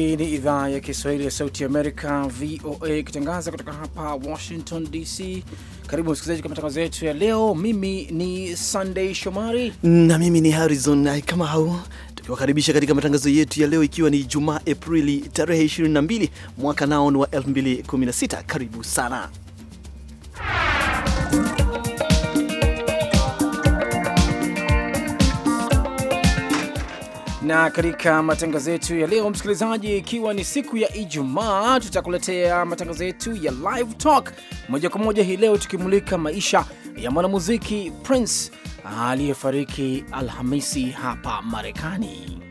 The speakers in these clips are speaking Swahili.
Hii ni idhaa ya Kiswahili ya Sauti Amerika, VOA, ikitangaza kutoka hapa Washington DC. Karibu msikilizaji kwa matangazo yetu ya leo. Mimi ni sandey Shomari na mimi ni harizon kama hau tukiwakaribisha katika matangazo yetu ya leo, ikiwa ni Jumaa Aprili tarehe 22 mwaka naon wa 2016. Karibu sana na katika matangazo yetu ya leo msikilizaji, ikiwa ni siku ya Ijumaa, tutakuletea matangazo yetu ya live talk moja kwa moja hii leo, tukimulika maisha ya mwanamuziki Prince aliyefariki Alhamisi hapa Marekani.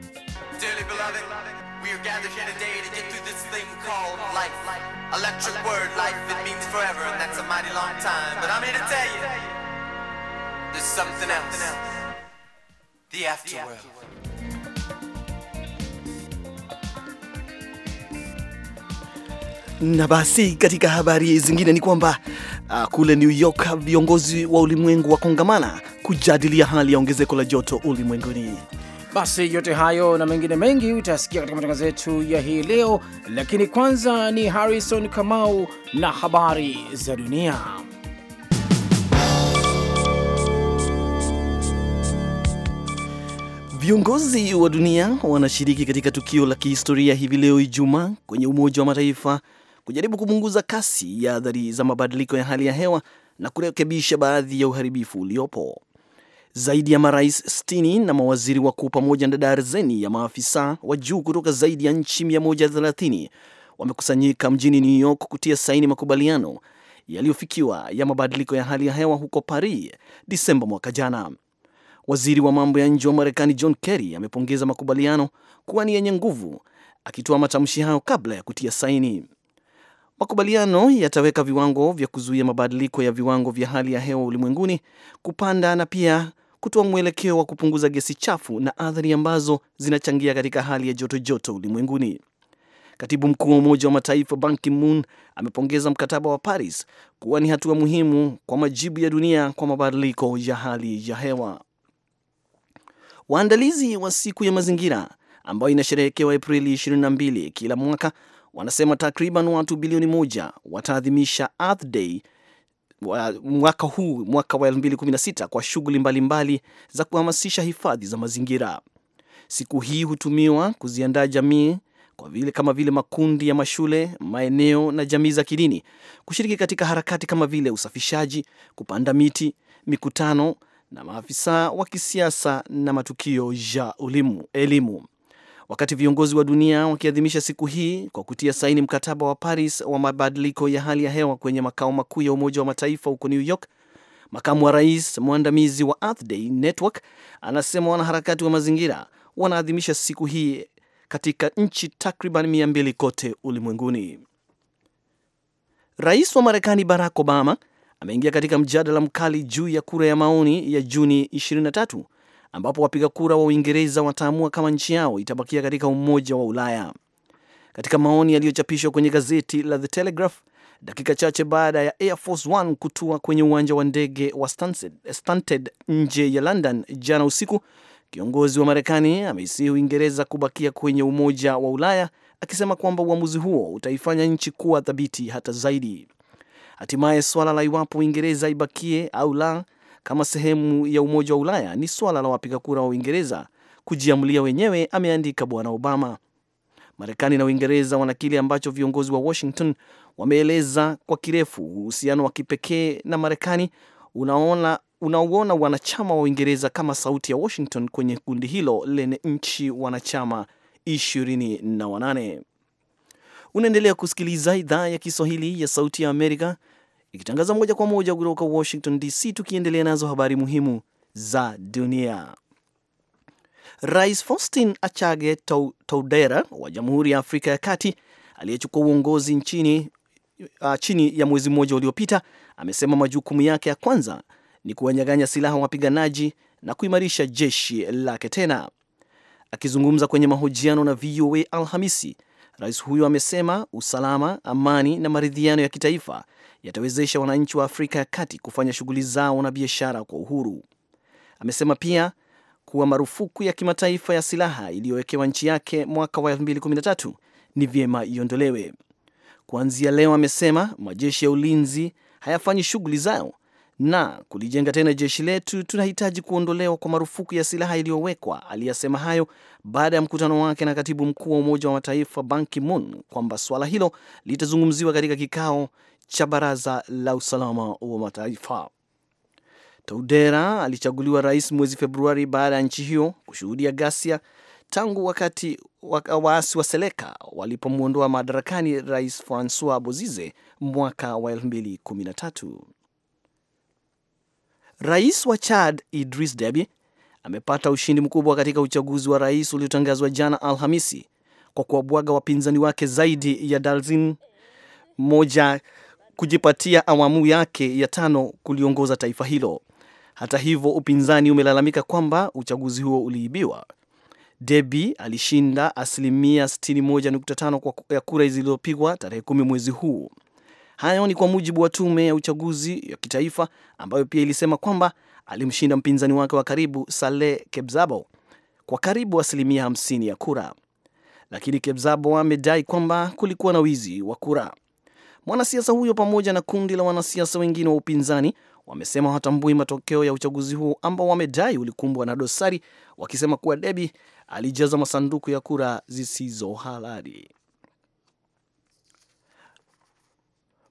The afterworld. Na basi katika habari zingine ni kwamba uh, kule New York viongozi wa ulimwengu wakongamana kujadilia hali ya ongezeko la joto ulimwenguni. Basi yote hayo na mengine mengi utasikia katika matangazo yetu ya hii leo, lakini kwanza ni Harrison Kamau na habari za dunia. Viongozi wa dunia wanashiriki katika tukio la kihistoria hivi leo Ijumaa kwenye Umoja wa Mataifa kujaribu kupunguza kasi ya athari za mabadiliko ya hali ya hewa na kurekebisha baadhi ya uharibifu uliopo. Zaidi ya marais 60 na mawaziri wakuu pamoja na darzeni ya maafisa wa juu kutoka zaidi ya nchi 130 wamekusanyika mjini New York kutia saini makubaliano yaliyofikiwa ya mabadiliko ya hali ya hewa huko Paris Disemba mwaka jana. Waziri wa mambo ya nje wa Marekani John Kerry amepongeza makubaliano kuwa ni yenye nguvu, akitoa matamshi hayo kabla ya kutia saini. Makubaliano yataweka viwango vya kuzuia mabadiliko ya viwango vya hali ya hewa ulimwenguni kupanda na pia kutoa mwelekeo wa kupunguza gesi chafu na athari ambazo zinachangia katika hali ya joto joto ulimwenguni. Katibu mkuu wa Umoja wa Mataifa Ban Ki-moon amepongeza mkataba wa Paris kuwa ni hatua muhimu kwa majibu ya dunia kwa mabadiliko ya hali ya hewa. Waandalizi wa siku ya mazingira ambayo inasherehekewa Aprili 22 kila mwaka wanasema takriban watu bilioni moja wataadhimisha Earth Day mwaka huu mwaka wa 2016 kwa shughuli mbalimbali za kuhamasisha hifadhi za mazingira. Siku hii hutumiwa kuziandaa jamii kwa vile, kama vile makundi ya mashule, maeneo na jamii za kidini kushiriki katika harakati kama vile usafishaji, kupanda miti, mikutano na maafisa wa kisiasa na matukio ya elimu wakati viongozi wa dunia wakiadhimisha siku hii kwa kutia saini mkataba wa Paris wa mabadiliko ya hali ya hewa kwenye makao makuu ya Umoja wa Mataifa huko New York. Makamu wa rais mwandamizi wa Earth Day Network anasema wanaharakati wa mazingira wanaadhimisha siku hii katika nchi takriban mia mbili kote ulimwenguni. Rais wa Marekani Barack Obama ameingia katika mjadala mkali juu ya kura ya maoni ya Juni 23 ambapo wapiga kura wa Uingereza wataamua kama nchi yao itabakia katika Umoja wa Ulaya. Katika maoni yaliyochapishwa kwenye gazeti la The Telegraph dakika chache baada ya Air Force One kutua kwenye uwanja wa ndege wa Stansted nje ya London jana usiku, kiongozi wa Marekani ameisihi Uingereza kubakia kwenye Umoja wa Ulaya akisema kwamba uamuzi huo utaifanya nchi kuwa thabiti hata zaidi. Hatimaye swala la iwapo Uingereza ibakie au la kama sehemu ya Umoja wa Ulaya ni swala la wapiga kura wa Uingereza kujiamulia wenyewe, ameandika Bwana Obama. Marekani na Uingereza wana kile ambacho viongozi wa Washington wameeleza kwa kirefu, uhusiano wa kipekee na Marekani unaona unauona wanachama wa Uingereza kama sauti ya Washington kwenye kundi hilo lenye nchi wanachama 28. Unaendelea kusikiliza idhaa ya Kiswahili ya Sauti ya Amerika ikitangaza moja kwa moja kutoka Washington DC. Tukiendelea nazo habari muhimu za dunia, Rais Faustin Achage Toudera wa Jamhuri ya Afrika ya Kati aliyechukua uongozi nchini uh, chini ya mwezi mmoja uliopita amesema majukumu yake ya kwanza ni kuwanyaganya silaha wapiganaji na kuimarisha jeshi lake tena. Akizungumza kwenye mahojiano na VOA Alhamisi, rais huyo amesema usalama, amani na maridhiano ya kitaifa yatawezesha wananchi wa Afrika ya Kati kufanya shughuli zao na biashara kwa uhuru. Amesema pia kuwa marufuku ya kimataifa ya silaha iliyowekewa nchi yake mwaka wa 2013 ni vyema iondolewe kuanzia leo. Amesema majeshi ya ulinzi hayafanyi shughuli zao na kulijenga tena jeshi letu, tunahitaji kuondolewa kwa marufuku ya silaha iliyowekwa. Aliyasema hayo baada ya mkutano wake na katibu mkuu wa Umoja wa Mataifa Ban Ki-moon kwamba swala hilo litazungumziwa katika kikao cha Baraza la Usalama wa Mataifa. Toudera alichaguliwa rais mwezi Februari baada ya nchi hiyo kushuhudia ghasia tangu wakati waasi wa Seleka walipomwondoa madarakani rais Francois Bozize mwaka wa 213 Rais wa Chad Idris Deby amepata ushindi mkubwa katika uchaguzi wa rais uliotangazwa jana Alhamisi kwa kuwabwaga wapinzani wake zaidi ya dalzin moja kujipatia awamu yake ya tano kuliongoza taifa hilo. Hata hivyo, upinzani umelalamika kwamba uchaguzi huo uliibiwa. debi alishinda asilimia 61.5 ya kura zilizopigwa tarehe kumi mwezi huu Hayo ni kwa mujibu wa tume ya uchaguzi ya kitaifa ambayo pia ilisema kwamba alimshinda mpinzani wake wa karibu Saleh Kebzabo kwa karibu asilimia 50 ya kura, lakini Kebzabo amedai kwamba kulikuwa na wizi wa kura. Mwanasiasa huyo pamoja na kundi la wanasiasa wengine wa upinzani wamesema hawatambui matokeo ya uchaguzi huo ambao wamedai ulikumbwa na dosari, wakisema kuwa Debi alijaza masanduku ya kura zisizo halali.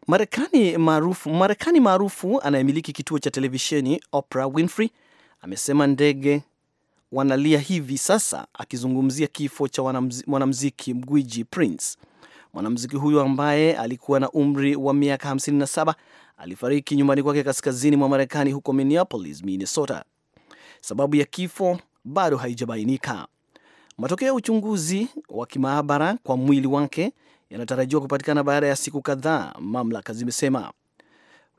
Marekani maarufu Marekani maarufu anayemiliki kituo cha televisheni Oprah Winfrey amesema ndege wanalia hivi sasa, akizungumzia kifo cha mwanamuziki mgwiji Prince. Mwanamuziki huyo ambaye alikuwa na umri wa miaka 57 alifariki nyumbani kwake kaskazini mwa Marekani, huko Minneapolis, Minnesota. Sababu ya kifo bado haijabainika. Matokeo ya uchunguzi wa kimaabara kwa mwili wake yanatarajiwa kupatikana baada ya siku kadhaa, mamlaka zimesema.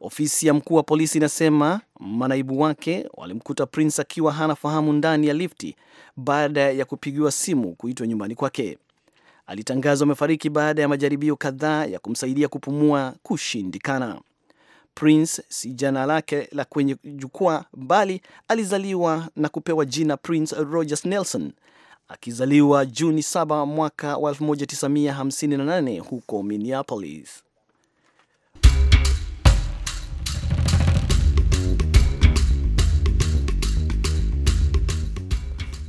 Ofisi ya mkuu wa polisi inasema manaibu wake walimkuta Prince akiwa hana fahamu ndani ya lifti baada ya kupigiwa simu kuitwa nyumbani kwake. Alitangazwa amefariki baada ya majaribio kadhaa ya kumsaidia kupumua kushindikana. Prince si jina lake la kwenye jukwaa, bali alizaliwa na kupewa jina Prince Rogers Nelson akizaliwa Juni 7 mwaka wa 1958 huko Minneapolis.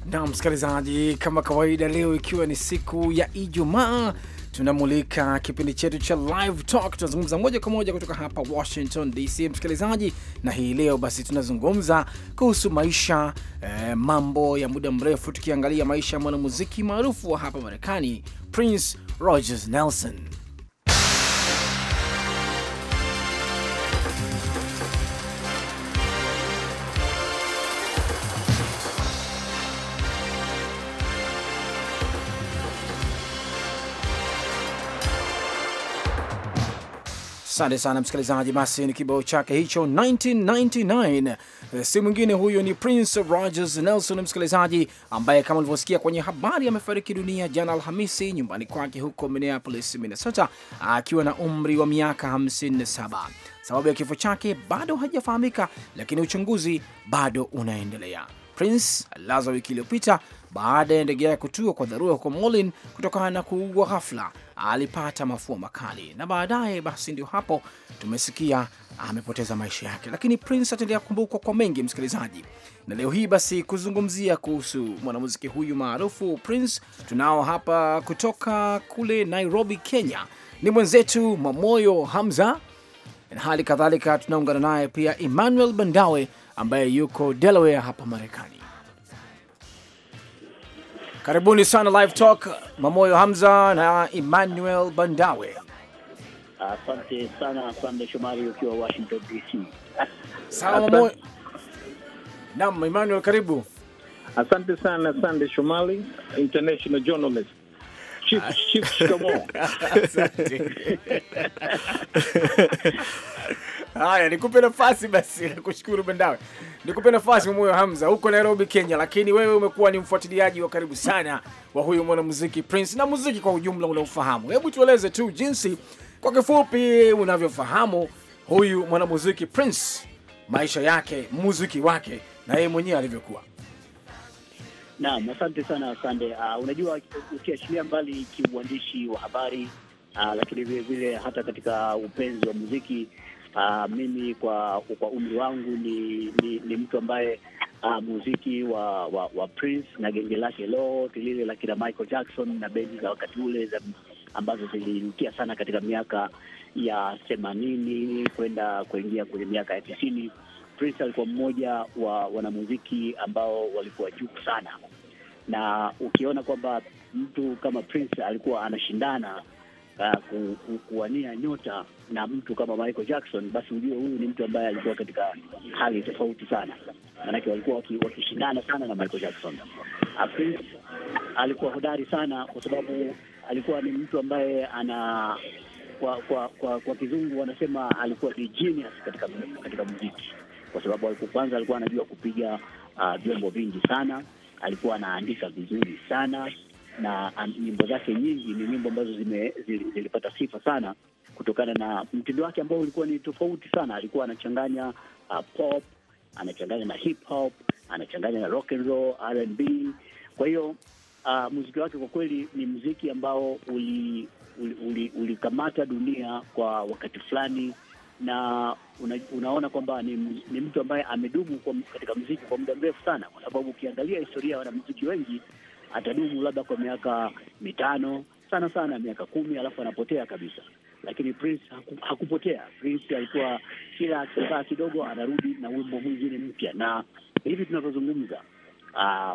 Na msikilizaji, kama kawaida, leo ikiwa ni siku ya Ijumaa, tunamulika kipindi chetu cha Live Talk, tunazungumza moja kwa moja kutoka hapa Washington DC, msikilizaji. Na hii leo basi tunazungumza kuhusu maisha eh, mambo ya muda mrefu, tukiangalia maisha ya mwanamuziki maarufu wa hapa Marekani Prince Rogers Nelson. Asante sana msikilizaji, basi ni kibao chake hicho 1999. Si mwingine huyo ni Prince Rogers Nelson, msikilizaji, ambaye kama ulivyosikia kwenye habari amefariki dunia jana Alhamisi nyumbani kwake huko Minneapolis, Minnesota, akiwa na umri wa miaka 57. Sababu ya kifo chake bado hajafahamika, lakini uchunguzi bado unaendelea. Prince alilazwa wiki iliyopita baada ya ndege yake kutua kwa dharura huko Molin kutokana na kuugua ghafla alipata mafua makali, na baadaye basi ndio hapo tumesikia amepoteza maisha yake. Lakini Prince ataendelea kukumbukwa kwa mengi, msikilizaji, na leo hii basi kuzungumzia kuhusu mwanamuziki huyu maarufu Prince tunao hapa kutoka kule Nairobi, Kenya, ni mwenzetu Mamoyo Hamza na hali kadhalika tunaungana naye pia Emmanuel Bandawe ambaye yuko Delaware hapa Marekani. Karibuni sana Live Talk, Mamoyo Hamza na Emmanuel Bandawe. Asante sana Sande Shomari ukiwa Washington DC. Sawa Mamoyo. Naam, Emmanuel karibu. Asante sana Sande Shomari, international journalist. Chief, chief, shikamoo. Asante. Haya, nikupe nafasi basi, nakushukuru Bendawe, nikupe nafasi Moyo Hamza huko Nairobi, Kenya. Lakini wewe umekuwa ni mfuatiliaji wa karibu sana wa huyu mwanamuziki Prince na muziki kwa ujumla unaofahamu. Hebu tueleze tu jinsi kwa kifupi unavyofahamu huyu mwanamuziki Prince, maisha yake, muziki wake na yeye mwenyewe alivyokuwa. Naam, asante sana Sande. Uh, ah, unajua ukiachilia mbali kiuandishi wa habari uh, lakini vile vile hata katika upenzi wa muziki Uh, mimi kwa kwa umri wangu ni, ni, ni mtu ambaye uh, muziki wa, wa wa Prince na genge lake lote lile la kina Michael Jackson na bendi za wakati ule ambazo ziliingia sana katika miaka ya themanini kwenda kuingia kwenye miaka ya tisini. Prince alikuwa mmoja wa wanamuziki ambao walikuwa juu sana, na ukiona kwamba mtu kama Prince alikuwa anashindana uh, kuwania nyota na mtu kama Michael Jackson, basi ujue huyu ni mtu ambaye alikuwa katika hali tofauti sana, maanake walikuwa wakishindana sana na Michael Jackson. Prince alikuwa hodari sana, kwa sababu alikuwa ni mtu ambaye ana kwa kwa kwa, kwa kizungu wanasema alikuwa ni genius katika katika muziki, kwa sababu alikuwa kwanza, alikuwa anajua kupiga uh, vyombo uh, vingi sana, alikuwa anaandika vizuri sana na um, nyimbo zake nyingi ni nyimbo ambazo zime, zil, zilipata sifa sana kutokana na mtindo wake ambao ulikuwa ni tofauti sana. Alikuwa anachanganya uh, pop, anachanganya na hip hop, anachanganya na rock and roll, R&B. Kwa hiyo uh, muziki wake kwa kweli ni muziki ambao ulikamata uli, uli, uli dunia kwa wakati fulani na una, unaona kwamba ni, ni mtu ambaye amedumu kwa, katika muziki kwa muda mrefu sana, kwa sababu ukiangalia historia ya wanamuziki wengi atadumu labda kwa miaka mitano sana sana miaka kumi, alafu anapotea kabisa. Lakini Prince haku, hakupotea. Prince alikuwa kila saa kidogo anarudi na wimbo mwingine mpya, na hivi tunavyozungumza, uh,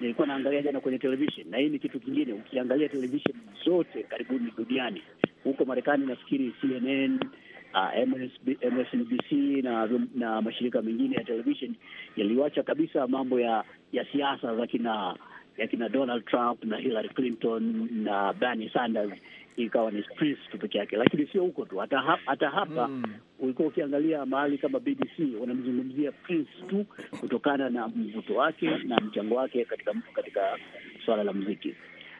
nilikuwa naangalia jana kwenye television, na hii ni kitu kingine. Ukiangalia television zote karibuni duniani, huko Marekani nafikiri CNN Uh, ah, MSB, MSNBC na, na mashirika mengine ya television yaliwacha kabisa mambo ya ya siasa za kina ya kina Donald Trump na Hillary Clinton na Bernie Sanders ikawa ni stress tu peke yake, lakini sio huko tu, hata hapa, hata hapa mm. Ulikuwa ukiangalia mahali kama BBC wanamzungumzia Prince tu kutokana na mvuto wake na mchango wake katika katika swala la muziki.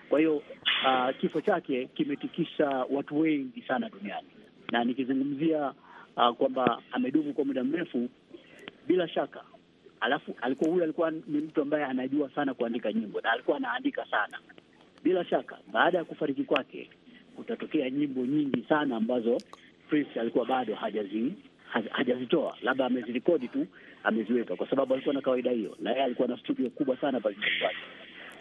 Kwa hiyo uh, kifo chake kimetikisa watu wengi sana duniani, na nikizungumzia uh, kwamba amedumu kwa muda mrefu, bila shaka alafu alikuwa huyu alikuwa ni mtu ambaye anajua sana kuandika nyimbo na alikuwa anaandika sana. Bila shaka baada ya kufariki kwake kutatokea nyimbo nyingi sana ambazo Prince alikuwa bado hajazi hajazitoa labda amezirekodi tu ameziweka, kwa sababu alikuwa na kawaida hiyo, na yeye alikuwa na studio kubwa sana pale nyumbani kwake.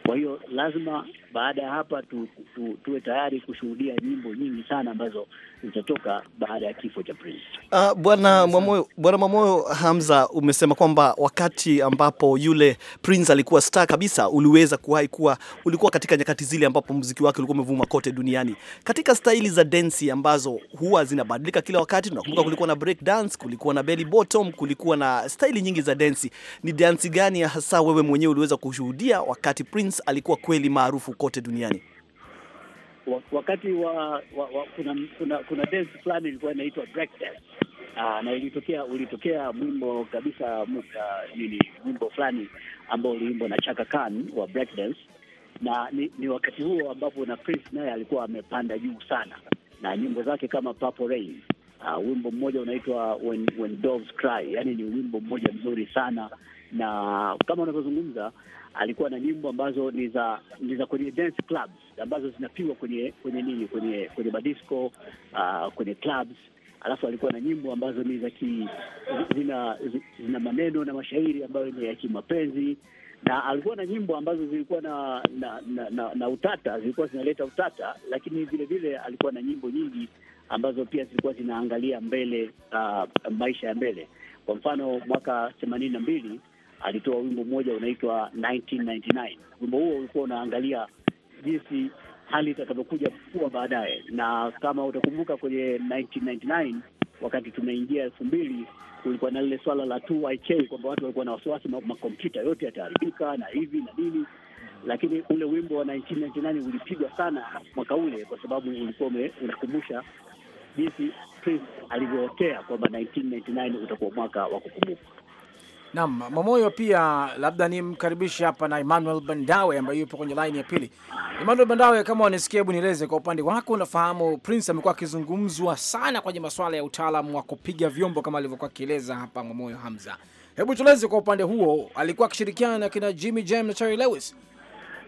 Kwa hiyo lazima baada ya hapa tu, tu, tuwe tayari kushuhudia nyimbo nyingi sana ambazo zitatoka baada ya kifo cha Prince. Uh, bwana Mwamoyo, bwana Mwamoyo Hamza, umesema kwamba wakati ambapo yule Prince alikuwa star kabisa, uliweza kuwahi kuwa, ulikuwa katika nyakati zile ambapo muziki wake ulikuwa umevuma kote duniani, katika staili za densi ambazo huwa zinabadilika kila wakati. Tunakumbuka kulikuwa na break dance, kulikuwa na belly bottom, kulikuwa na staili nyingi za densi. Ni dansi gani hasa wewe mwenyewe uliweza kushuhudia wakati Prince Prince alikuwa kweli maarufu kote duniani? Wakati wa, wa, wa kuna, kuna, kuna dance fulani ilikuwa inaitwa breakdance ah, na ilitokea ulitokea mwimbo kabisa ah, nini, mwimbo fulani ambao uliimbwa na Chaka Khan wa breakdance, na ni, ni wakati huo ambapo na Prince naye alikuwa amepanda juu sana na nyimbo zake kama Purple Rain. Uh, wimbo mmoja unaitwa When, When Doves Cry, yani ni wimbo mmoja mzuri sana na kama unavyozungumza alikuwa na nyimbo ambazo ni za ni za kwenye dance clubs ambazo zinapigwa kwenye kwenye nini kwenye kwenye madisco uh, ah, kwenye clubs. Alafu alikuwa na nyimbo ambazo ni za ki, zina, zina maneno na mashairi ambayo ni ya kimapenzi, na alikuwa na nyimbo ambazo zilikuwa na na, na, na, na utata, zilikuwa zinaleta utata, lakini vilevile alikuwa na nyimbo nyingi ambazo pia zilikuwa zinaangalia mbele, uh, maisha ya mbele. Kwa mfano mwaka themanini na mbili alitoa wimbo mmoja unaitwa 1999. Wimbo huo ulikuwa unaangalia jinsi hali itakavyokuja kuwa baadaye, na kama utakumbuka kwenye 1999 wakati tumeingia elfu mbili kulikuwa na lile swala la 2YK kwamba watu walikuwa na wasiwasi makompyuta ma yote yataharibika na hivi na nini, lakini ule wimbo wa 1999 ulipigwa sana mwaka ule kwa sababu ulikuwa unakumbusha jinsi Prince alivyohotea kwamba 1999 utakuwa mwaka wa kukumbuka. Naam, Mwamoyo, pia labda nimkaribishe hapa na Emmanuel Bandawe ambaye yupo kwenye line ya pili. Emmanuel Bandawe, kama wanisikia, hebu nieleze kwa upande wako, unafahamu Prince amekuwa akizungumzwa sana kwenye masuala ya utaalamu wa kupiga vyombo kama alivyokuwa akieleza hapa Mwamoyo Hamza. Hebu tueleze kwa upande huo, alikuwa akishirikiana na kina Jimmy Jam na Terry Lewis,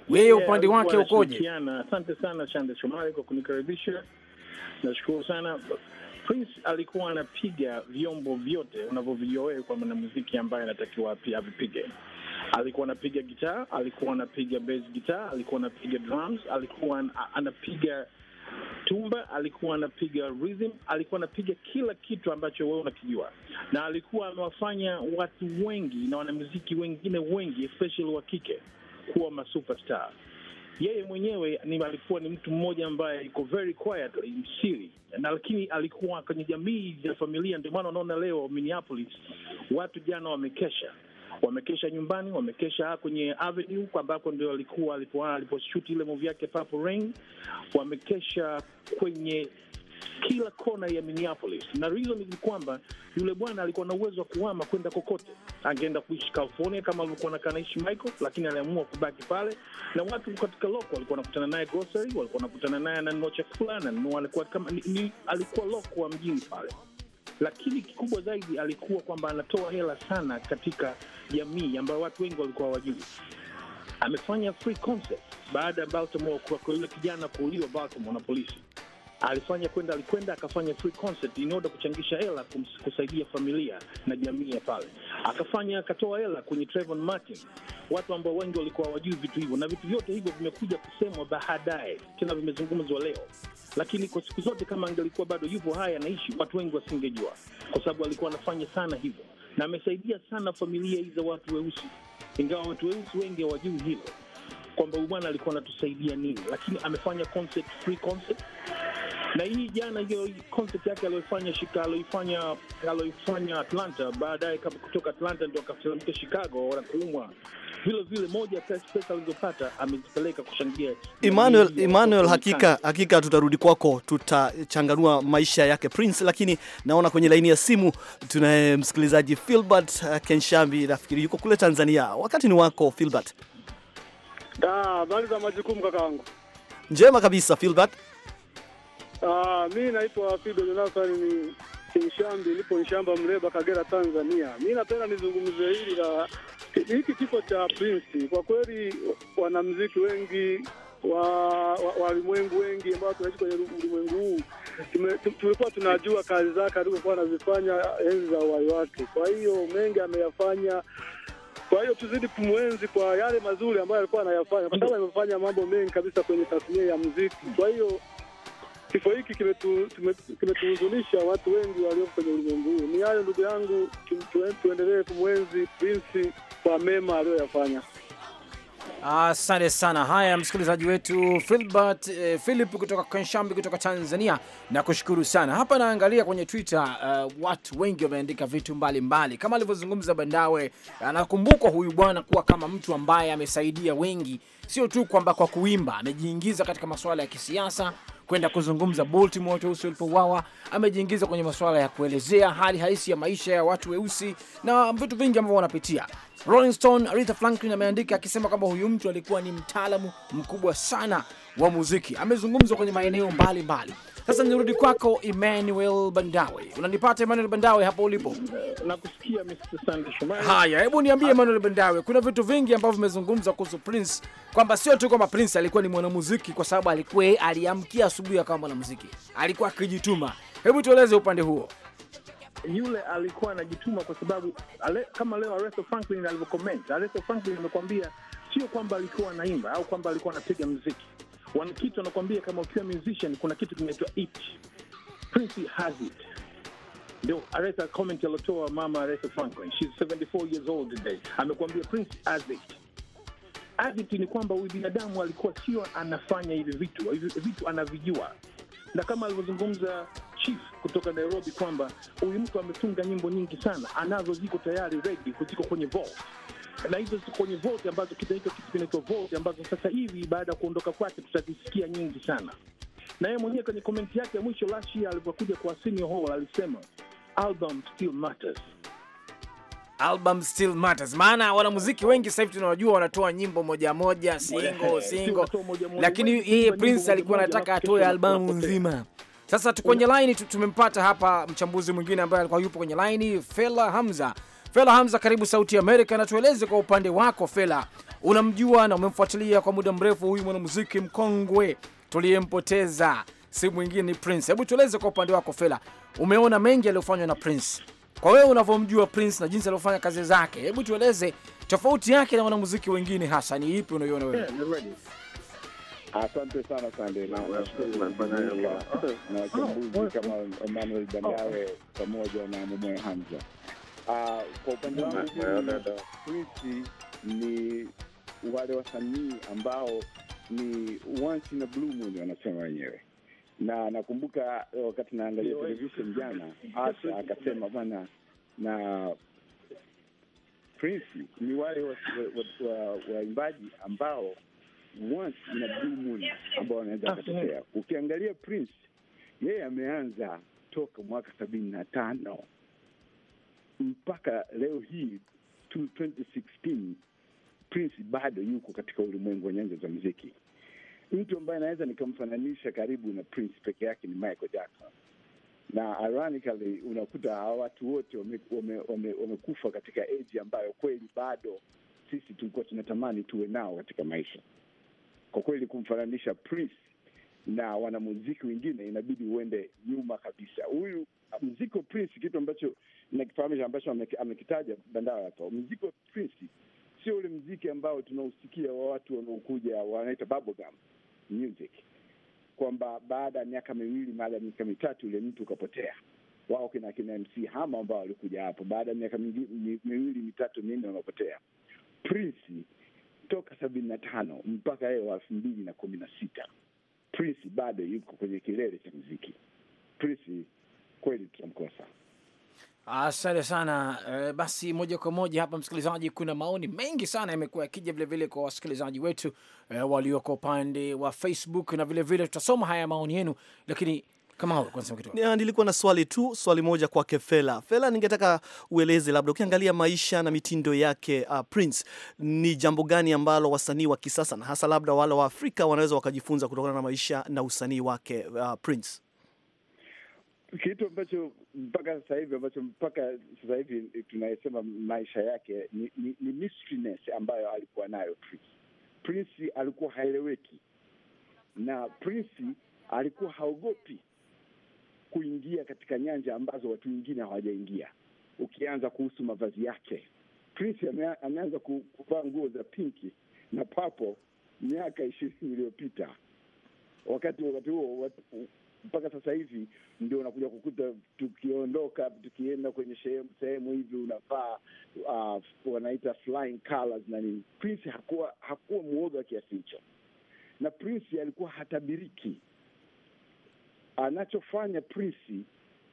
yeye upande wake ukoje? Asante sana Chande Shomari kwa kunikaribisha, nashukuru sana Prince alikuwa anapiga vyombo vyote unavyovijua wewe kwa mwanamuziki ambaye anatakiwa pia avipige. Alikuwa anapiga gitaa, alikuwa anapiga bass gitaa, alikuwa anapiga drums, alikuwa anapiga tumba, alikuwa anapiga rhythm, alikuwa anapiga kila kitu ambacho wewe unakijua, na alikuwa amewafanya watu wengi na wanamuziki wengine wengi especially wa kike kuwa masuperstar yeye mwenyewe ni alikuwa ni mtu mmoja ambaye iko very quiet, msiri na lakini alikuwa kwenye jamii za familia. Ndio maana unaona leo Minneapolis watu jana wamekesha wamekesha nyumbani, wamekesha kwenye avenue ambako ndio alikuwa aliposhuti ile movie yake Purple Rain, wamekesha kwenye kila kona ya Minneapolis, na reason ni kwamba yule bwana alikuwa na uwezo wa kuhama kwenda kokote. Angeenda kuishi California kama alivyokuwa na kanaishi Michael, lakini aliamua kubaki pale, na watu katika loko walikuwa wanakutana naye grocery, walikuwa wanakutana naye ananunua chakula, ananunua, alikuwa kama ni, ni, alikuwa loko wa mjini pale lakini kikubwa zaidi alikuwa kwamba anatoa hela sana katika jamii ambayo watu wengi walikuwa wajui. Amefanya free concert baada ya Baltimore kwa yule kijana kuuliwa Baltimore na polisi alifanya kwenda alikwenda akafanya free concert in order kuchangisha hela kusaidia familia na jamii ya pale. Akafanya akatoa hela kwenye Trayvon Martin, watu ambao wengi walikuwa hawajui vitu hivyo, na vitu vyote hivyo vimekuja kusemwa baadaye, tena vimezungumzwa leo. Lakini kwa siku zote, kama angelikuwa bado yupo haya anaishi, watu wengi wasingejua, kwa sababu alikuwa anafanya sana hivyo, na amesaidia sana familia hizi za watu weusi, ingawa watu weusi wengi hawajui hilo kwamba bwana alikuwa anatusaidia nini, lakini amefanya concert, free concert na hii jana hiyo concept yake aliyofanya aliyofanya aliyofanya Atlanta, baadaye kutoka Atlanta ndio akafika Chicago na kuumwa vile vile, moja pesa alizopata amezipeleka kushangilia Emmanuel Emmanuel. Hakika hakika, tutarudi kwako, tutachanganua maisha yake Prince, lakini naona kwenye laini ya simu tunaye msikilizaji Philbert Kenshambi, nafikiri yuko kule Tanzania. Wakati ni wako Philbert. Da, ah, bali za majukumu kaka wangu? Njema kabisa Philbert. Ah, mi naitwa Fido Jonathan, ni Kinshambi, nipo Nshamba, Mreba, Kagera, Tanzania. Mi napenda nizungumzie hili la hiki kifo cha Prince. Kwa kweli wanamziki wengi walimwengu wa, wengi ambao tunaishi kwenye ulimwengu huu tulikuwa tunajua kazi zake alivyokuwa anazifanya enzi za uhai wake. Kwa hiyo mengi ameyafanya, kwa hiyo tuzidi kumwenzi kwa yale mazuri ambayo alikuwa anayafanya, kwa sababu amefanya mambo mengi kabisa kwenye tasnia ya muziki. Kwa hiyo Kifo hiki kimetuhuzunisha watu wengi walioko kwenye ulimwengu huu. Ni hayo ndugu yangu, tuendelee kumwenzi Prince kwa mema aliyoyafanya. Asante ah, sana. Haya, msikilizaji wetu Philbert eh, Philip kutoka kenshambi kutoka Tanzania, nakushukuru sana. Hapa naangalia kwenye Twitter uh, watu wengi wameandika vitu mbalimbali mbali. Kama alivyozungumza Bandawe, anakumbukwa huyu bwana kuwa kama mtu ambaye amesaidia wengi, sio tu kwamba kwa kuimba, amejiingiza katika masuala ya kisiasa kwenda kuzungumza Baltimore weusi walipouawa. Amejiingiza kwenye masuala ya kuelezea hali halisi ya maisha ya watu weusi na vitu vingi ambavyo wanapitia. Rolling Stone Aretha Franklin ameandika akisema kwamba huyu mtu alikuwa ni mtaalamu mkubwa sana wa muziki. Amezungumzwa kwenye maeneo mbalimbali sasa nirudi kwako Emmanuel Bandawe, unanipata Emmanuel Bandawe hapo ulipo? Nakusikia Mr. Sandy Shumari. Haya, hebu niambie Emmanuel Bandawe, kuna vitu vingi ambavyo vimezungumzwa kuhusu Prince kwamba sio tu kwamba Prince alikuwa ni mwanamuziki, kwa sababu alikuwa aliamkia asubuhi akawa mwanamuziki, alikuwa akijituma. Hebu tueleze upande huo yule alikuwa anajituma kwa sababu ale, kama leo Aretha Franklin alivyokomenti, Aretha Franklin amekwambia sio kwamba alikuwa anaimba au kwamba alikuwa anapiga mziki, wana kitu wanakuambia, kama ukiwa musician kuna kitu kinaitwa it. Prince has it. Ndio Aretha comment aliotoa mama Aretha Franklin, she's 74 years old today, amekuambia Prince has it. Has it ni kwamba huyu binadamu alikuwa sio anafanya hivi vitu, hivi vitu anavijua, na kama alivyozungumza chief kutoka Nairobi kwamba huyu mtu ametunga nyimbo nyingi sana, anazo ziko tayari ready, kuziko kwenye vault na hizo ziko kwenye vote ambazo kitu kitu kinaitwa vote ambazo sasa hivi baada ya kuondoka kwake tutazisikia nyingi sana. Na yeye mwenyewe kwenye komenti yake ya mwisho last year alipokuja kwa Senior Hall alisema album still matters, album still matters. Maana wanamuziki wengi sasa hivi tunawajua wanatoa nyimbo moja moja, single single, lakini yeye Prince alikuwa anataka atoe albamu nzima. Sasa tuko kwenye line, tumempata hapa mchambuzi mwingine ambaye alikuwa yupo kwenye line, Fela Hamza. Fela Hamza, karibu Sauti ya Amerika, na tueleze kwa upande wako. Fela, unamjua na umemfuatilia kwa muda mrefu huyu mwanamuziki mkongwe tuliyempoteza, si mwingine ni Prince. Hebu tueleze kwa upande wako Fela, umeona mengi aliyofanywa na Prince. Kwa wewe unavyomjua Prince na jinsi aliyofanya kazi zake, hebu tueleze tofauti yake na wanamuziki wengine hasa ni ipi unaiona wewe? Asante sana Sande, nashukuru oh, na oh, oh. kama Emmanuel Bandawe pamoja na Momoyo Hamza. Ah, kwa upande wangu Prince ni wale wasanii ambao ni once in a blue moon wanasema wenyewe, na nakumbuka eh, wakati naangalia television jana, asa akasema bwana, na Prince ni wale waimbaji wa, wa, wa ambao once in a blue moon ambao wanaweza kutokea. Ukiangalia Prince yeye ameanza toka mwaka sabini na tano mpaka leo hii 2016 Prince bado yuko katika ulimwengu wa nyanja za muziki. Mtu ambaye anaweza nikamfananisha karibu na Prince peke yake ni Michael Jackson, na ironically unakuta hawa watu wote wamekufa wame, wame, wame katika age ambayo kweli bado sisi tulikuwa tunatamani tuwe nao katika maisha. Kwa kweli kumfananisha Prince na wanamuziki wengine inabidi uende nyuma kabisa. Huyu muziki wa Prince, kitu ambacho nakifahamisha ambacho amekitaja Bandara hapo. Mziki wa Prince sio ule mziki ambao tunausikia wa watu wanaokuja wanaita bubblegum music, kwamba baada ya miaka miwili, baada ya miaka mitatu ule mtu ukapotea. Wao kina kina MC Hama ambao walikuja hapo, baada ya miaka miwili mitatu minne wanapotea. Prince toka sabini na tano mpaka leo elfu mbili na kumi na sita Prince bado yuko kwenye kilele cha mziki. Prince kweli tunamkosa. Asante sana. E, basi moja kwa moja hapa msikilizaji, kuna maoni mengi sana yamekuwa yakija vilevile kwa wasikilizaji wetu e, walioko upande wa Facebook na vilevile tutasoma haya maoni yenu, lakini kama ah, nilikuwa na swali tu, swali moja kwake Fela. Fela, ningetaka ueleze labda, ukiangalia maisha na mitindo yake uh, Prince, ni jambo gani ambalo wasanii wa kisasa na hasa labda wale wa Afrika wanaweza wakajifunza kutokana na maisha na usanii wake uh, Prince? Kitu ambacho mpaka sasa hivi ambacho mpaka sasa hivi tunayesema maisha yake ni, ni, ni mystery ambayo alikuwa nayo Prince. Prince alikuwa haeleweki, na Prince alikuwa haogopi kuingia katika nyanja ambazo watu wengine hawajaingia. Ukianza kuhusu mavazi yake, Prince ameanza kuvaa nguo za pinki na papo miaka ishirini iliyopita. Wakati wakati huo watu mpaka sasa hivi ndio unakuja kukuta tukiondoka tukienda kwenye sehemu hivi unavaa uh, wanaita flying colors na nini. Prince hakuwa hakuwa mwoga wa kiasi hicho, na Prince alikuwa hatabiriki. Anachofanya Prince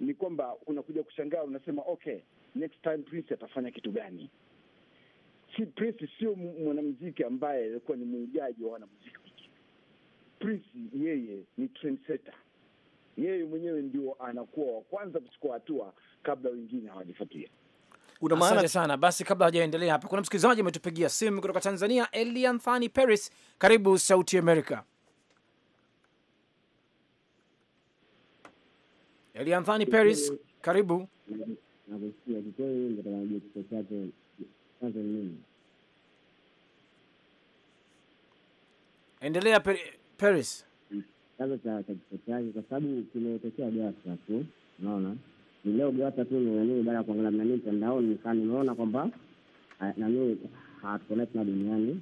ni kwamba unakuja kushangaa, unasema okay, next time Prince atafanya kitu gani? Si Prince sio mwanamuziki ambaye alikuwa ni muujaji wa wanamuziki. Prince yeye ni trendsetter yeye mwenyewe ndio anakuwa wa kwanza kuchukua hatua kabla wengine hawajifuatia. Una maana sana. Basi kabla hajaendelea hapa, kuna msikilizaji ametupigia simu kutoka Tanzania, Eli Anthony Paris. Karibu Sauti America. Eli Paris, karibu. Endelea Paris chanzo cha kifo chake, kwa sababu kimetokea ghafla tu. Unaona, ni leo ghafla tu nanii, baada ya kuangalia nanii mtandaoni, nikaa nimeona kwamba nanii hatukonekna duniani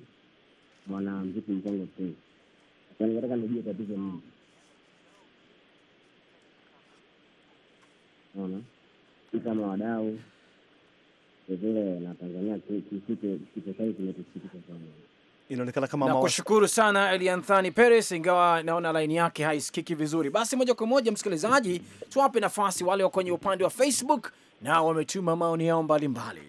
mwana mziki mkongo tu. Sasa nijue tatizo nini. Unaona, si kama wadau vile na Tanzania kitu kitu sana inaonekana kama na kushukuru sana Elianthani peres Perez, ingawa naona laini yake haisikiki vizuri. Basi moja kwa moja, msikilizaji, tuwape nafasi wale wa kwenye upande wa Facebook nao wametuma maoni yao mbalimbali.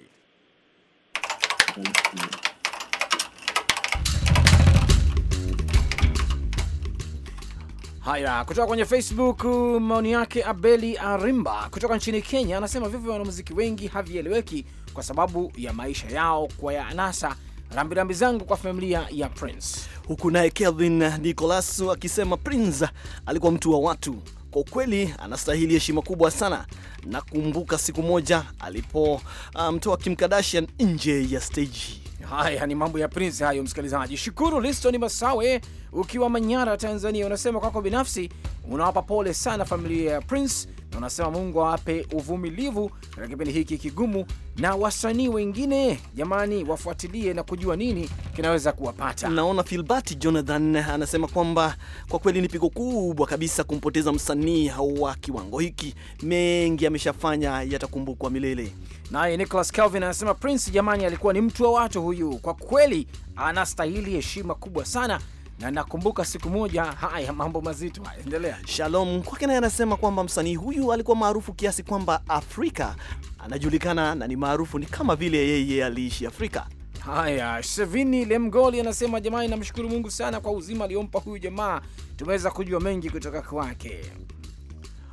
Haya, kutoka kwenye Facebook, maoni yake Abeli Arimba kutoka nchini Kenya anasema, vivyo wanamuziki wengi havieleweki kwa sababu ya maisha yao kwa ya anasa rambirambi zangu kwa familia ya Prince. Huku naye Kelvin Nicolas akisema Prince alikuwa mtu wa watu, kwa ukweli anastahili heshima kubwa sana. Nakumbuka siku moja alipomtoa uh, um, Kim Kardashian nje ya steji Haya ni mambo ya Prince hayo, msikilizaji. Shukuru Listoni Masawe ukiwa Manyara, Tanzania, unasema kwako binafsi unawapa pole sana familia ya Prince Unasema Mungu awape uvumilivu katika kipindi hiki kigumu, na wasanii wengine jamani, wafuatilie na kujua nini kinaweza kuwapata. Naona Filbert Jonathan anasema kwamba kwa kweli ni pigo kubwa kabisa kumpoteza msanii wa kiwango hiki, mengi ameshafanya yatakumbukwa milele. Naye Nicholas Kelvin anasema Prince jamani, alikuwa ni mtu wa watu huyu, kwa kweli anastahili heshima kubwa sana na nakumbuka siku moja. Haya, mambo mazito haya, endelea. Shalom kwake naye anasema kwamba msanii huyu alikuwa maarufu kiasi kwamba Afrika anajulikana na ni maarufu, ni kama vile yeye aliishi Afrika. Haya, Sevini Lemgoli anasema jamani, namshukuru Mungu sana kwa uzima aliompa huyu jamaa, tumeweza kujua mengi kutoka kwake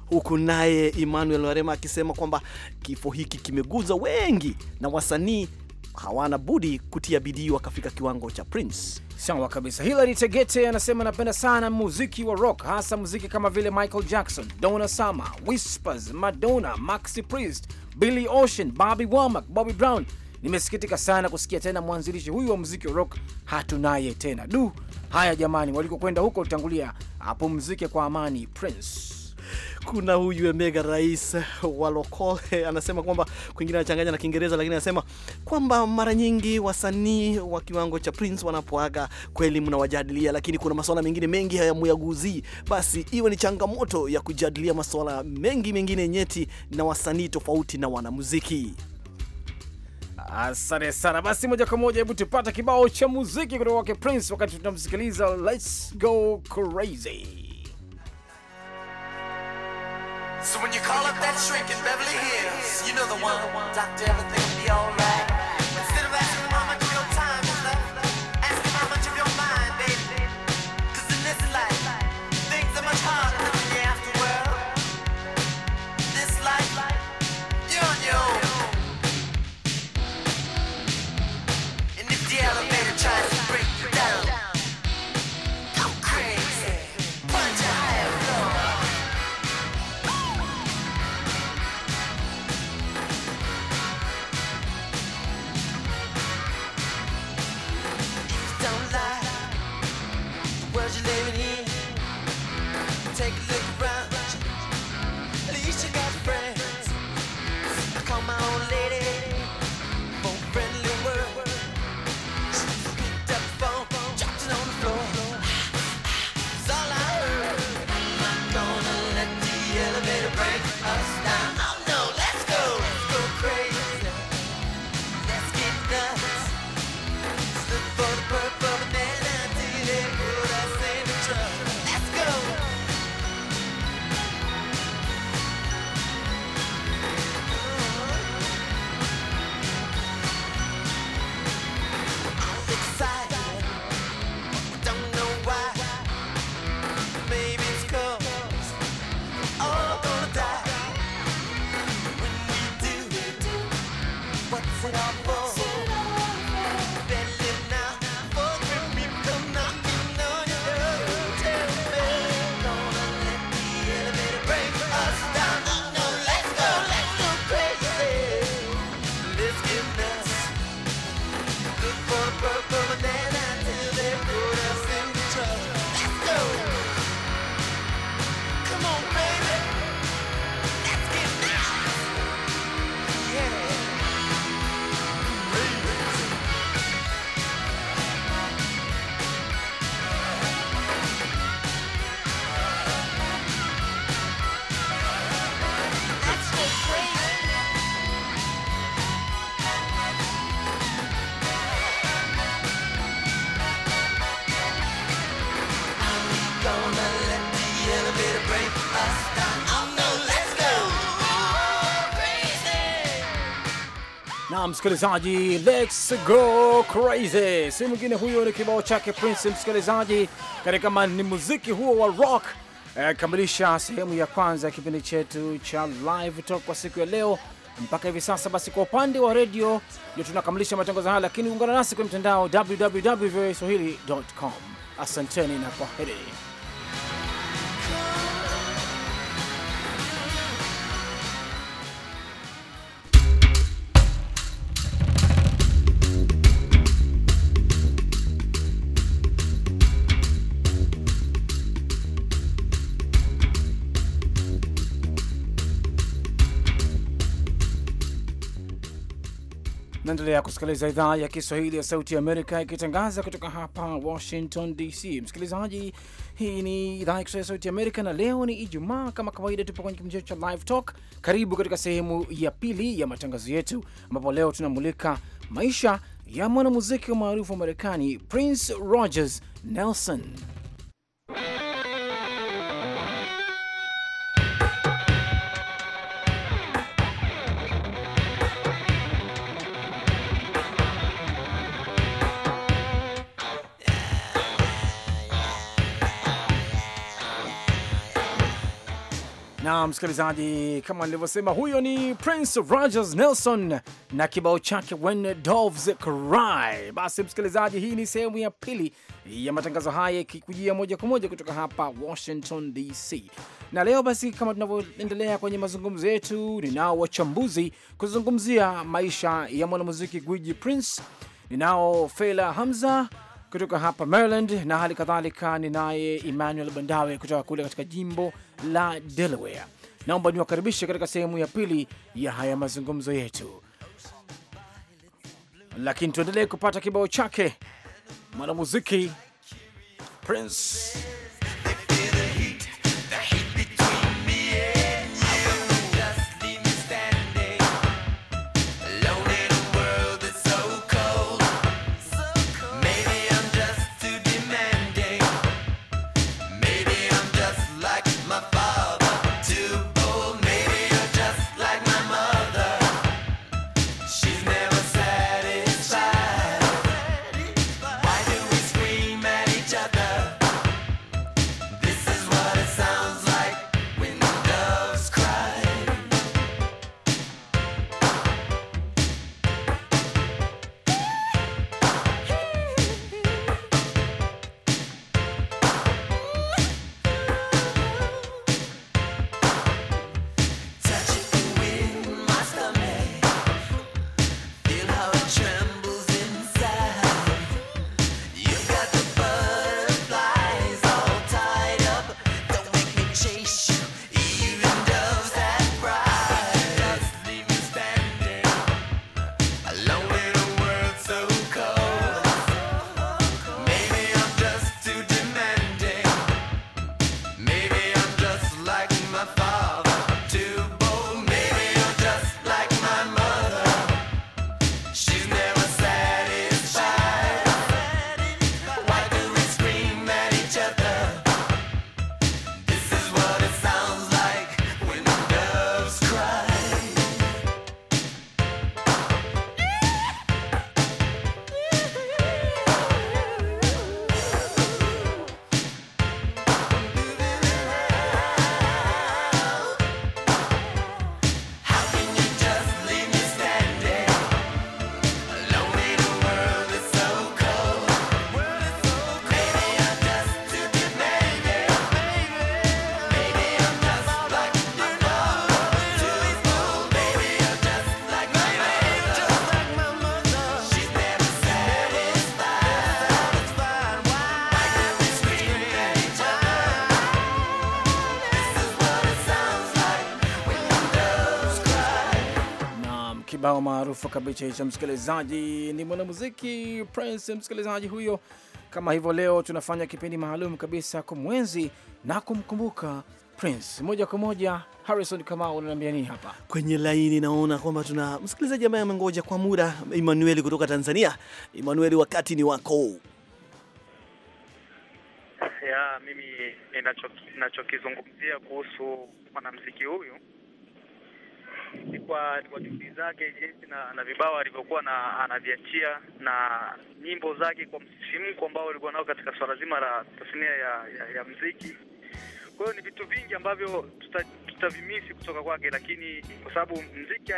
huku naye Emmanuel Warema akisema kwamba kifo hiki kimeguza wengi na wasanii hawana budi kutia bidii wakafika kiwango cha Prince. Sawa kabisa. Hilary Tegete anasema anapenda sana muziki wa rock, hasa muziki kama vile Michael Jackson, Donna Summer, Whispers, Madonna, Maxi Priest, Billy Ocean, Bobby Womack, Bobby Brown. Nimesikitika sana kusikia tena mwanzilishi huyu wa muziki wa rock hatunaye tena. Du, haya jamani, walikokwenda huko, tangulia apumzike kwa amani Prince. Kuna huyu mega rais wa Lokole, anasema kwamba kwingine anachanganya na Kiingereza, lakini anasema kwamba mara nyingi wasanii wa kiwango cha Prince wanapoaga kweli mnawajadilia, lakini kuna masuala mengine mengi hayamuyaguzii. Basi iwe ni changamoto ya kujadilia masuala mengi mengine nyeti na wasanii tofauti na wanamuziki. Asante sana. Basi moja kwa moja, hebu tupate kibao cha muziki kutoka kwake Prince wakati tunamsikiliza Let's Go Crazy. So when you call up that shrink in Beverly Hills, you know the one. Doctor, everything will be alright. msikilizaji, let's go crazy. Si mwingine huyo ni kibao chake Prince, msikilizaji, katika ni muziki huo wa rock. Eh, kamilisha sehemu ya kwanza ya kipindi chetu cha live talk kwa siku ya leo mpaka hivi sasa. Basi kwa upande wa redio ndio tunakamilisha matangazo haya, lakini ungana nasi kwenye mtandao www.voaswahili.com. Asanteni na kwaheri. Naendelea kusikiliza idhaa ya Kiswahili ya Sauti Amerika ikitangaza kutoka hapa Washington DC. Msikilizaji, hii ni idhaa ya Kiswahili ya Sauti Amerika na leo ni Ijumaa. Kama kawaida, tupo kwenye kipindi cha Live Talk. Karibu katika sehemu ya pili ya matangazo yetu, ambapo leo tunamulika maisha ya mwanamuziki wa maarufu wa Marekani Prince Rogers Nelson. na msikilizaji, kama nilivyosema, huyo ni Prince Rogers Nelson na kibao chake When Doves Cry. Basi msikilizaji, hii ni sehemu ya pili ya matangazo haya ikikujia moja kwa moja kutoka hapa Washington DC, na leo basi, kama tunavyoendelea kwenye mazungumzo yetu, ninao wachambuzi kuzungumzia maisha ya mwanamuziki gwiji Prince. Ninao Fela Hamza kutoka hapa Maryland, na hali kadhalika ninaye Emmanuel Bandawe kutoka kule katika jimbo la Delaware. Naomba niwakaribishe katika sehemu ya pili ya haya mazungumzo yetu, lakini tuendelee kupata kibao chake mwanamuziki Prince. kibao maarufu kabisa hicho, msikilizaji, ni mwanamuziki Prince. Msikilizaji huyo, kama hivyo, leo tunafanya kipindi maalum kabisa kumwenzi na kumkumbuka Prince. Moja kwa moja, Harrison Kamau, unaniambia nini hapa kwenye laini? Naona kwamba tuna msikilizaji ambaye amengoja kwa muda, Emmanuel kutoka Tanzania. Emmanuel, wakati ni wako. Ya, mimi ninachokizungumzia kuhusu mwanamuziki huyu ni kwa kwa juhudi zake jinsi na, na vibao alivyokuwa na anaviachia na nyimbo zake kwa msisimko ambao alikuwa nao katika swala zima la tasnia ya, ya, ya mziki. Kwa hiyo ni vitu vingi ambavyo tutavimisi tuta kutoka kwake, lakini kwa sababu mziki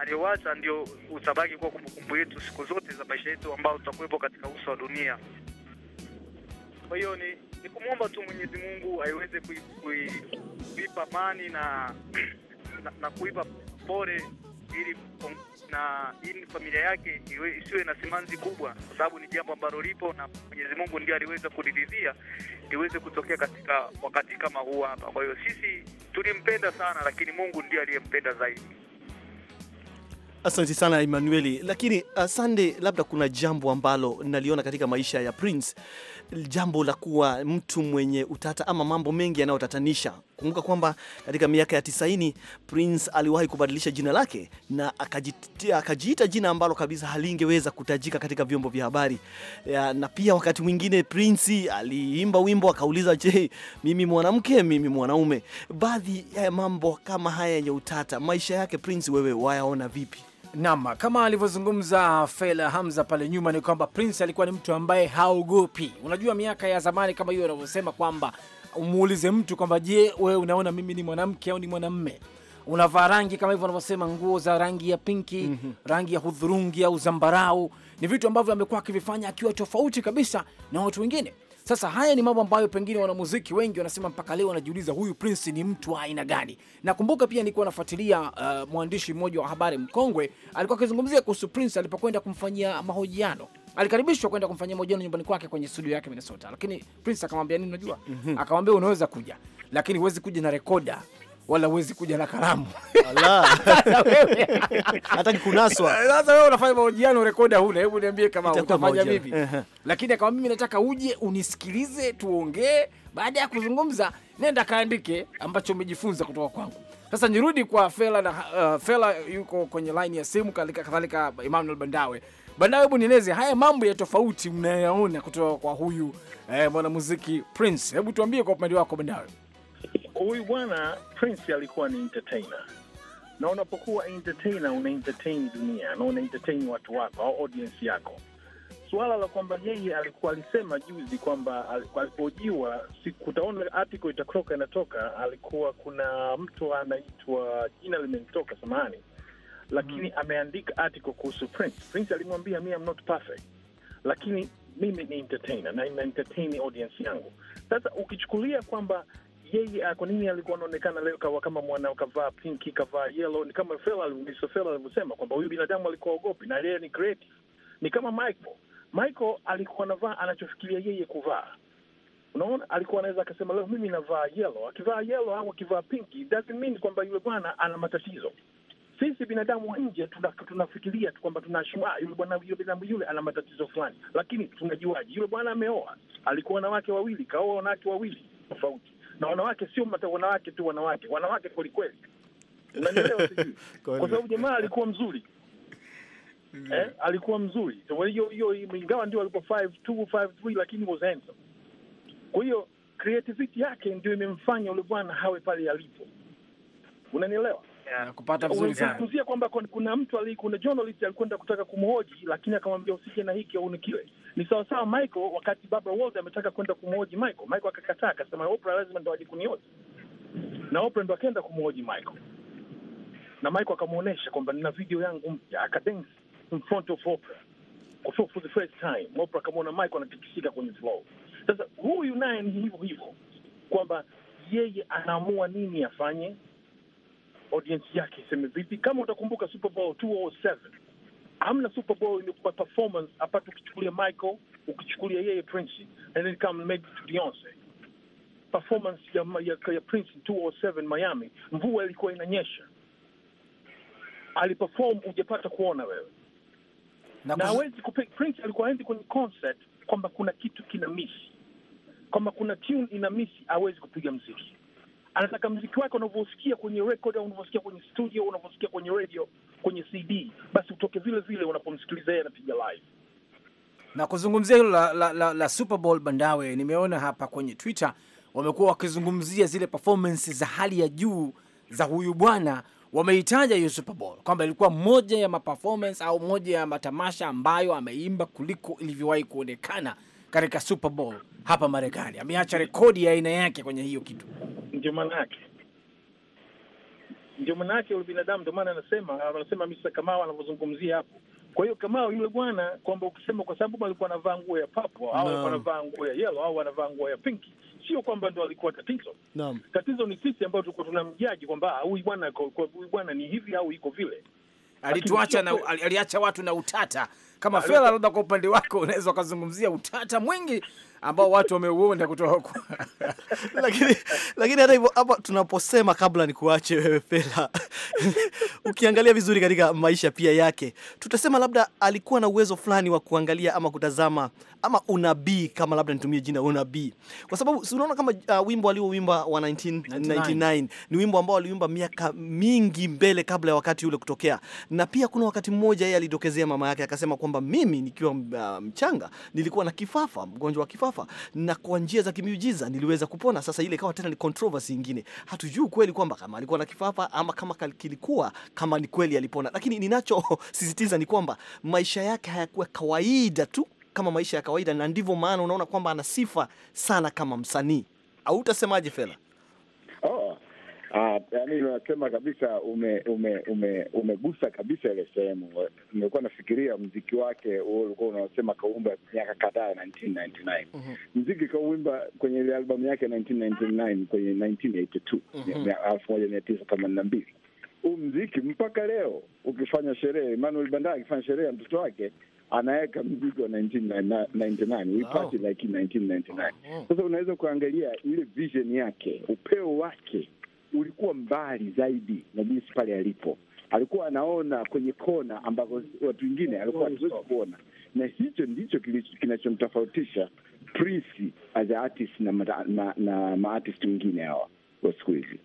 aliyowacha ndio utabaki kuwa kumbukumbu yetu siku zote za maisha yetu ambao tutakuwepo katika uso wa dunia. Kwa hiyo ni, ni kumwomba tu Mwenyezi Mungu aiweze kuipa kui, amani na na, na kuipa pole ili na ili familia yake isiwe na simanzi kubwa, kwa sababu ni jambo ambalo lipo na Mwenyezi Mungu ndiye aliweza kuliridhia liweze kutokea katika wakati kama huu hapa. Kwa hiyo sisi tulimpenda sana, lakini Mungu ndiye aliyempenda zaidi. Asante sana Emmanueli, lakini uh, asante, labda kuna jambo ambalo naliona katika maisha ya Prince jambo la kuwa mtu mwenye utata ama mambo mengi yanayotatanisha. Kumbuka kwamba katika miaka ya tisaini Prince aliwahi kubadilisha jina lake na akajiita jina ambalo kabisa halingeweza kutajika katika vyombo vya habari. Na pia wakati mwingine Prince aliimba wimbo akauliza, je, mimi mwanamke, mimi mwanaume? Baadhi ya mambo kama haya yenye utata, maisha yake Prince, wewe wayaona vipi? Naam, kama alivyozungumza Fela Hamza pale nyuma, ni kwamba Prince alikuwa ni mtu ambaye haogopi. Unajua miaka ya zamani kama hiyo anavyosema kwamba umuulize mtu kwamba, je, wewe unaona mimi ni mwanamke au ni mwanamme? Unavaa rangi kama hivyo wanavyosema, nguo za rangi ya pinki, mm -hmm. rangi ya hudhurungi au zambarau, ni vitu ambavyo amekuwa akivifanya akiwa tofauti kabisa na watu wengine sasa haya ni mambo ambayo pengine wanamuziki wengi wanasema mpaka leo wanajiuliza huyu Prince ni mtu wa aina gani. Nakumbuka pia nilikuwa nafuatilia uh, mwandishi mmoja wa habari mkongwe alikuwa akizungumzia kuhusu Prince alipokwenda kumfanyia mahojiano alikaribishwa kwenda kumfanyia mahojiano nyumbani kwake kwenye studio yake Minnesota, lakini Prince akamwambia nini? Unajua, mhm. akamwambia unaweza kuja, lakini huwezi kuja na rekoda wala uwezi kuja na kalamu hata nikunaswa. Eh, sasa wewe unafanya mahojiano, rekoda huna, hebu niambie kama utafanya vipi? Lakini akawa mimi nataka uje unisikilize, tuongee. Baada ya kuzungumza, nenda kaandike ambacho umejifunza kutoka kwangu. Sasa nirudi kwa Fela na uh, Fela yuko kwenye line ya simu, kadhalika Emmanuel Bandawe. Bandawe, hebu nieleze haya mambo ya tofauti mnayoyaona kutoka kwa huyu eh, mwanamuziki Prince. Hebu tuambie kwa upande wako Bandawe huyu bwana Prince alikuwa ni entertainer, na unapokuwa entertainer una entertain dunia na una entertain watu wako au audience yako. Suala la kwamba yeye alikuwa alisema juzi kwamba alipojiwa, kutaona article itatoka inatoka, alikuwa kuna mtu anaitwa jina limenitoka, samahani, lakini mm, ameandika article kuhusu Prince. Prince alimwambia mi am not perfect, lakini mimi ni entertainer na ina entertain audience yangu. Sasa ukichukulia kwamba yeye ah, kwa nini alikuwa anaonekana leo kawa kama mwana kavaa pinki kavaa yellow? Ni kama Fela Mr. Fela alivyosema kwamba huyu binadamu alikuwa ogopi, na yeye ni creative. Ni kama Michael. Michael alikuwa anavaa anachofikiria yeye kuvaa. Unaona, alikuwa anaweza akasema leo mimi navaa yellow. Akivaa yellow au akivaa pinki doesn't mean kwamba yule bwana ana matatizo. Sisi binadamu wa nje tunafikiria tu kwamba tunashua yule bwana yule binadamu yule ana matatizo fulani, lakini tunajuaje? Yule bwana ameoa, alikuwa na wake wawili, kaoa wanawake wawili tofauti na wanawake sio wanawake tu, wanawake wanawake kwelikweli, unanielewa? kwa sababu jamaa alikuwa mzuri mm. eh, alikuwa mzuri hiyo hiyo, ingawa ndio alikuwa lakini was handsome. Kwa hiyo creativity yake ndio imemfanya ule bwana hawe pale alipo, unanielewa? nakupata vizuri sana. Unazungumzia kwamba kuna mtu ali, kuna journalist alikwenda kutaka kumhoji, lakini akamwambia usije na hiki au nikiwe. Ni sawa sawa Michael wakati Barbara Walters ametaka kwenda kumhoji Michael, Michael akakataa, akasema Oprah lazima ndo aje kunihoji, na Oprah ndo akaenda kumhoji Michael, na Michael akamuonesha kwamba nina video yangu mpya, akadance in front of Oprah for, for the first time. Oprah akamwona Michael anatikisika kwenye floor. Sasa huyu naye ni hivyo hivyo kwamba yeye anaamua nini afanye audience yake iseme vipi. Kama utakumbuka Super Bowl 207 hamna Super Bowl imekuwa performance apate, ukichukulia Michael, ukichukulia yeye Prince and then come maybe to Beyonce performance ya, ya, ya Prince 207 Miami, mvua ilikuwa inanyesha, aliperform ujapata kuona wewe na hawezi kupe. Prince alikuwa aendi kwenye concert kwamba kuna kitu kina miss, kwamba kuna tune ina miss, hawezi kupiga mziki anataka mziki wake unavyosikia kwenye record au unavyosikia kwenye studio, unavyosikia kwenye radio, kwenye CD, basi utoke vile vile unapomsikiliza yeye anapiga live. Na kuzungumzia hilo la, la, la, la Super Bowl, Bandawe, nimeona hapa kwenye Twitter wamekuwa wakizungumzia zile performance za hali ya juu za huyu bwana wameitaja hiyo Super Bowl kwamba ilikuwa moja ya maperformance au moja ya matamasha ambayo ameimba kuliko ilivyowahi kuonekana katika Super Bowl hapa Marekani. Ameacha rekodi ya aina yake kwenye hiyo kitu, ndio maana yake ndio maana yake binadamu. Ndio maana anasema anasema Mr. Kamau anavyozungumzia hapo. Kwa hiyo Kamau yule bwana, kwamba ukisema kwa sababu alikuwa anavaa nguo ya papo au alikuwa anavaa nguo ya yellow au anavaa nguo ya pinki, sio kwamba ndo alikuwa tatizo. Naam, tatizo ni sisi ambao tulikuwa tunamjaji kwamba ah, huyu bwana huyu bwana ni hivi au iko vile alituacha na aliacha watu na utata kama Fela, labda kwa upande wako unaweza ukazungumzia utata mwingi ambao watu wameuunda kutoka lakini, lakini hata hivyo hapa tunaposema, kabla ni kuache wewe Fela, ukiangalia vizuri katika maisha pia yake, tutasema labda alikuwa na uwezo fulani wa kuangalia ama kutazama ama unabii, kama labda nitumie jina unabii, kwa sababu si unaona kama uh, wimbo aliowimba wa 1999 99. ni wimbo ambao aliwimba miaka mingi mbele kabla ya wakati ule kutokea, na pia kuna wakati mmoja yeye alidokezea mama yake akasema kwamba mimi nikiwa uh, mchanga nilikuwa na kifafa, mgonjwa wa kifafa kifafa, na kwa njia za kimiujiza niliweza kupona. Sasa ile ikawa tena ni controversy nyingine, hatujui kweli kwamba kama alikuwa na kifafa ama kama kilikuwa kama ni kweli alipona, lakini ninachosisitiza ni kwamba maisha yake hayakuwa kawaida tu kama maisha ya kawaida, na ndivyo maana unaona kwamba ana sifa sana kama msanii. Au utasemaje, Fela? Ah, yaani unasema kabisa ume, ume, ume, umegusa kabisa ile sehemu. Nilikuwa nafikiria mziki wake ulikuwa unasema kaumba miaka kadhaa 1999 mhm. mziki kauimba kwenye ile albamu yake 1999 kwenye 1982 mhm. elfu moja mia tisa themanini na mbili huu mziki mpaka leo ukifanya sherehe, Emmanuel Banda akifanya sherehe ya mtoto wake anaweka mziki wa 1999 like 1999. Mhm. Sasa unaweza kuangalia ile vision yake, upeo wake ulikuwa mbali zaidi na jinsi pale alipo, alikuwa anaona kwenye kona ambako watu wengine alikuwa hatuwezi oh, kuona, na hicho ndicho kinachomtofautisha Prince as a artist na na maartist wengine hawa wa siku hizi.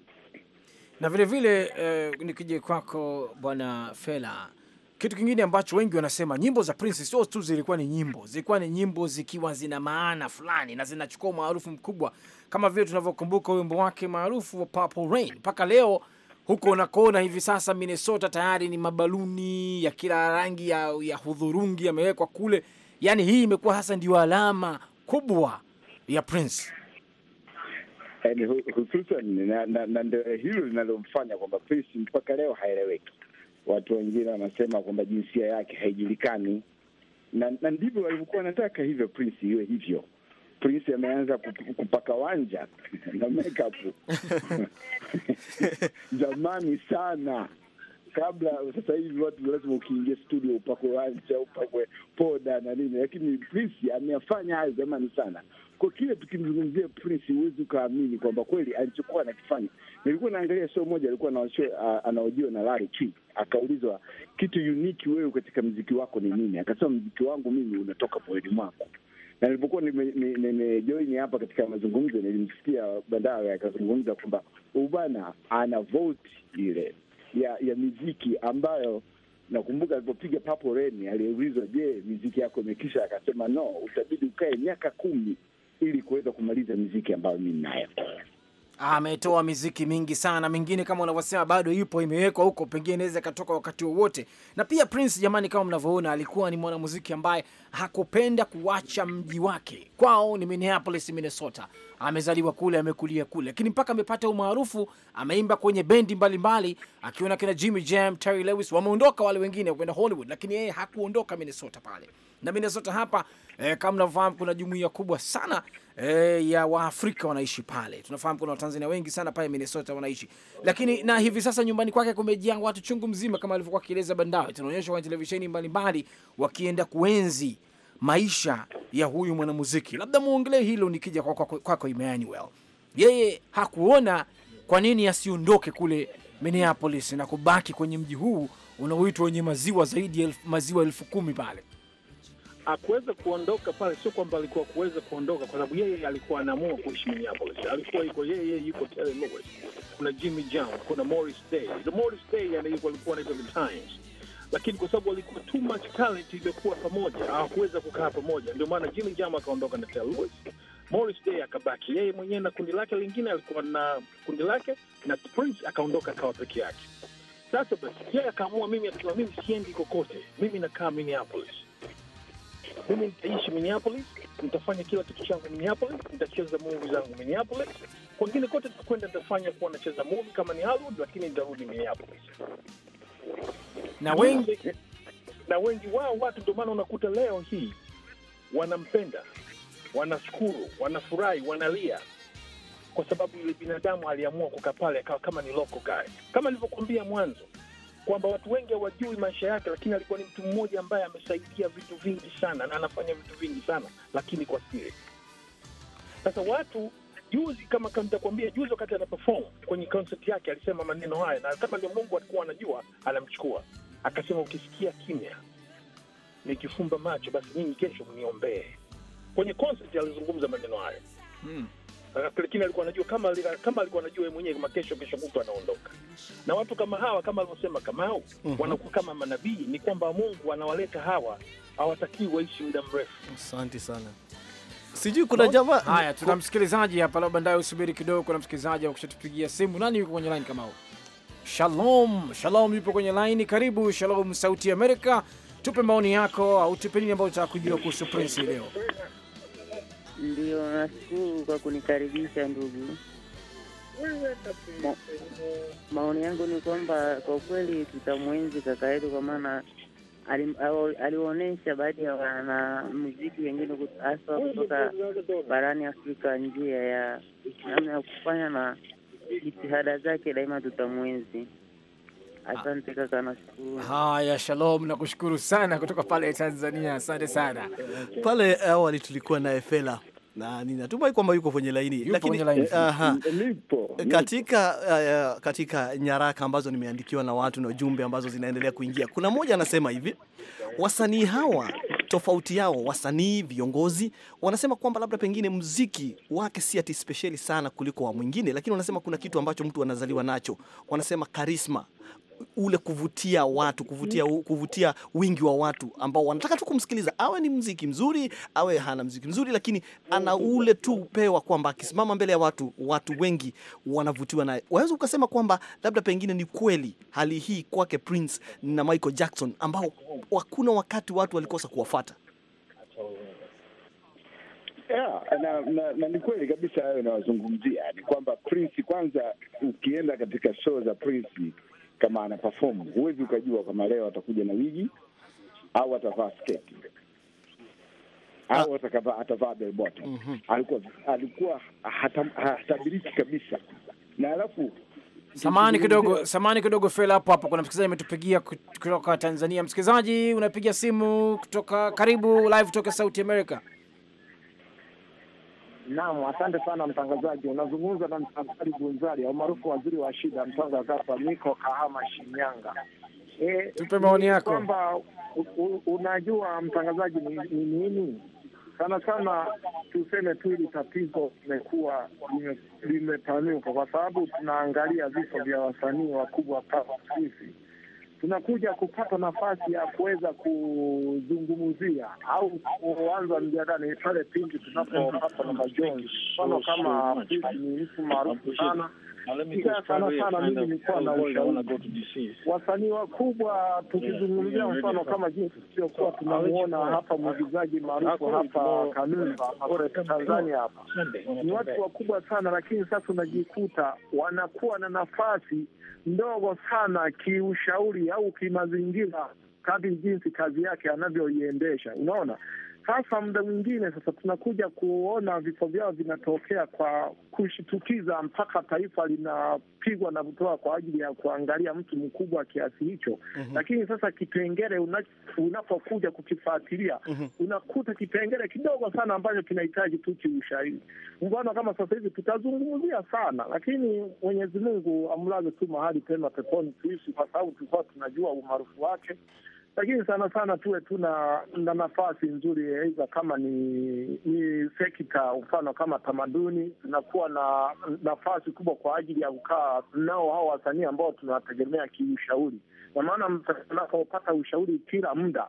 Na vilevile vile eh, nikije kwako Bwana Fela kitu kingine ambacho wengi wanasema nyimbo za Prince sio tu zilikuwa ni nyimbo, zilikuwa ni nyimbo zikiwa zina maana fulani na zinachukua umaarufu mkubwa, kama vile tunavyokumbuka wimbo wake maarufu wa Purple Rain. Mpaka leo huko unakoona hivi sasa Minnesota tayari ni mabaluni ya kila rangi ya, ya hudhurungi yamewekwa kule. Yani hii imekuwa hasa ndio alama kubwa ya Prince yaani hususan, na ndio hilo linalomfanya kwamba Prince mpaka leo haeleweki watu wengine wanasema kwamba jinsia yake haijulikani, na, na ndivyo walivyokuwa wanataka, hivyo Prince iwe hivyo. Prince ameanza kupaka wanja na makeup zamani sana kabla. Sasa hivi watu lazima ukiingia studio upakwe wanja, upakwe poda na nini, lakini Prince ameyafanya hayo zamani sana kwa kile tukimzungumzia Prince, huwezi ukaamini kwamba kweli alichokuwa anakifanya. Nilikuwa naangalia show moja, alikuwa anaojiwa na Larry King, akaulizwa kitu uniki wewe katika mziki wako ni nini? Akasema mziki wangu mimi unatoka moyoni mwako na nilipokuwa nimejoini hapa katika mazungumzo nilimsikia Bandawe akazungumza kwamba ubana ana voti ile ya ya miziki ambayo nakumbuka alipopiga Papo Reni aliyeulizwa, je, miziki yako imekisha? Akasema no, utabidi ukae miaka kumi ili kuweza kumaliza miziki ambayo mi nayo. Ah, ametoa miziki mingi sana, mingine kama unavyosema bado ipo imewekwa huko, pengine inaweza ikatoka wakati wowote. Na pia Prince, jamani, kama mnavyoona, alikuwa ni mwanamuziki ambaye hakupenda kuacha mji wake. Kwao ni Minneapolis, Minnesota. Amezaliwa kule, amekulia kule, lakini mpaka amepata umaarufu, ameimba kwenye bendi mbalimbali, akiona kina Jimmy Jam, Terry Lewis, wameondoka wale wengine kwenda Hollywood, lakini yeye hakuondoka Minnesota pale na Minnesota hapa eh, kama mnavyofahamu kuna jumuiya kubwa sana eh, ya Waafrika wanaishi pale. Tunafahamu kuna Watanzania wengi sana pale Minnesota wanaishi, lakini na hivi sasa nyumbani kwake kumejaa watu chungu mzima, kama alivyokuwa akieleza Bandawe. Tunaonyeshwa kwenye televisheni mbalimbali wakienda kuenzi maisha ya huyu mwanamuziki. Labda muongelee hilo, nikija kwako kwa, kwa, kwa Emmanuel. Yeye hakuona kwa nini asiondoke kule Minneapolis na kubaki kwenye mji huu unaoitwa wenye maziwa zaidi ya maziwa elfu kumi pale hakuweza kuondoka pale, sio kwamba alikuwa kuweza kuondoka, kwa sababu yeye alikuwa anaamua kuishi Minneapolis. Alikuwa yuko yeye, yeye yuko Terry Lewis, kuna Jimmy Jones, kuna Morris Day. The Morris Day alikuwa anaitwa the Times, lakini kwa sababu alikuwa too much talent iliyokuwa pamoja, hawakuweza kukaa pamoja. Ndio maana Jimmy Jam akaondoka na Terry Lewis, Morris Day akabaki yeye mwenyewe na kundi lake lingine, alikuwa na kundi lake, na Prince akaondoka akawa peke yake. Sasa basi yeye akaamua, mimi akasema, mimi siendi kokote, mimi nakaa Minneapolis mimi nitaishi Minneapolis, nitafanya kila kitu changu Minneapolis, nitacheza movie zangu Minneapolis. Kwengine kote tutakwenda, nitafanya kuwa nacheza movie kama ni Hollywood, lakini nitarudi Minneapolis. Na wengi na wengi wao watu, ndio maana unakuta leo hii wanampenda, wanashukuru, wanafurahi, wanalia kwa sababu yule binadamu aliamua kukaa pale akawa kama ni local guy, kama nilivyokuambia mwanzo kwamba watu wengi hawajui maisha yake, lakini alikuwa ni mtu mmoja ambaye amesaidia vitu vingi sana na anafanya vitu vingi sana, lakini kwa siri. Sasa watu juzi, kama nitakuambia, juzi wakati ana kwenye concert yake alisema maneno haya, na kama ndio Mungu alikuwa anajua anamchukua, akasema, ukisikia kimya nikifumba macho, basi nyinyi kesho mniombee. Kwenye concert alizungumza maneno hayo hmm. Eh, lakini alikuwa anajua kama kama alikuwa anajua yeye mwenyewe, makesho kesho kutu anaondoka. Na watu kama hawa kama alivyosema Kamau mm -hmm. wanakuwa kama manabii, ni kwamba Mungu anawaleta hawa, hawatakii waishi muda mrefu. Asante sana. Sijui kuna jamaa haya, tuna msikilizaji hapa, labda ndio usubiri kidogo, kuna msikilizaji kushatupigia simu. Nani yuko kwenye line kama huo? Shalom, Shalom yupo kwenye line. Karibu Shalom, Sauti ya Amerika, tupe maoni yako au tupe nini ambayo utataka kuhusu Prince leo. Ndio, nashukuru kwa kunikaribisha ndugu. Ma, maoni yangu ni kwamba kwa kweli tutamwenzi kaka yetu kwa maana alionyesha baadhi ya wanamuziki wengine hasa kutoka barani Afrika njia ya namna ya kufanya na jitihada zake daima tutamwenzi. Asante kaka, nashukuru. Haya, shalom, nakushukuru sana kutoka pale Tanzania, asante sana. Pale awali tulikuwa na Efela na ninatumai kwamba yuko kwenye laini, lakini aha, katika uh, katika nyaraka ambazo nimeandikiwa na watu na ujumbe ambazo zinaendelea kuingia, kuna mmoja anasema hivi, wasanii hawa tofauti yao, wasanii viongozi wanasema kwamba labda pengine mziki wake si ati speciali sana kuliko wa mwingine, lakini wanasema kuna kitu ambacho mtu anazaliwa nacho, wanasema karisma ule kuvutia watu, kuvutia kuvutia wingi wa watu ambao wanataka tu kumsikiliza, awe ni mziki mzuri, awe hana mziki mzuri, lakini ana ule tu upewa kwamba akisimama mbele ya watu, watu wengi wanavutiwa naye. Waweza ukasema kwamba labda pengine ni kweli hali hii kwake Prince na Michael Jackson, ambao hakuna wakati watu walikosa kuwafata. Yeah, na, na, na ni kweli kabisa hayo inawazungumzia. Ni kwamba Prince kwanza, ukienda katika show za Prince kama ana perform. Huwezi ukajua kama leo atakuja na wigi au atavaa sketi au ah. atakavaa atavaa bell bottom. Mhm. mm -hmm. Alikuwa alikuwa hatabiriki kabisa, na alafu Samani kidogo, samani kidogo fela hapo hapo. Kuna msikilizaji ametupigia kutoka Tanzania. Msikilizaji, unapiga simu kutoka, karibu live kutoka South America. Naam, asante sana mtangazaji. Unazungumza na Msafari Bunzari au maarufu waziri wa shida, mtanga wa Zapa Miko, Kahama, Shinyanga. E, tupe maoni yako kwamba unajua mtangazaji, ni nini sana sana, tuseme tu hili tatizo limekuwa limepanuka, kwa sababu tunaangalia vifo vya wasanii wakubwa kama sisi tunakuja kupata nafasi ya kuweza kuzungumzia au kuanza mjadala ni pale pindi tunapopata na majonzi, mfano kama ni mtu maarufu sana wasanii wakubwa, tukizungumzia mfano kama jinsi tuliokuwa tunamuona hapa mwigizaji maarufu hapa Kanumba Tanzania, hapa ni watu wakubwa sana, lakini sasa unajikuta wanakuwa na nafasi ndogo sana kiushauri au kimazingira kadri jinsi kazi yake anavyoiendesha. Unaona, Hasa muda mwingine sasa tunakuja kuona vifo vyao vinatokea kwa kushitukiza, mpaka taifa linapigwa na kutoa kwa ajili ya kuangalia mtu mkubwa kiasi hicho. mm -hmm. Lakini sasa kipengele unapokuja kukifuatilia, mm -hmm. unakuta kipengele kidogo sana ambacho kinahitaji tu kiushahidi. Mfano kama sasa hivi tutazungumzia sana, lakini Mwenyezi Mungu amlaze tu mahali pema peponi tuishi, kwa sababu tulikuwa tunajua umaarufu wake lakini sana sana tuwe tu na nafasi nzuri, aidha kama ni ni sekta, mfano kama tamaduni, tunakuwa na nafasi kubwa kwa ajili ya kukaa nao hao wasanii ambao tunawategemea kiushauri, na maana msanii anapopata ushauri kila muda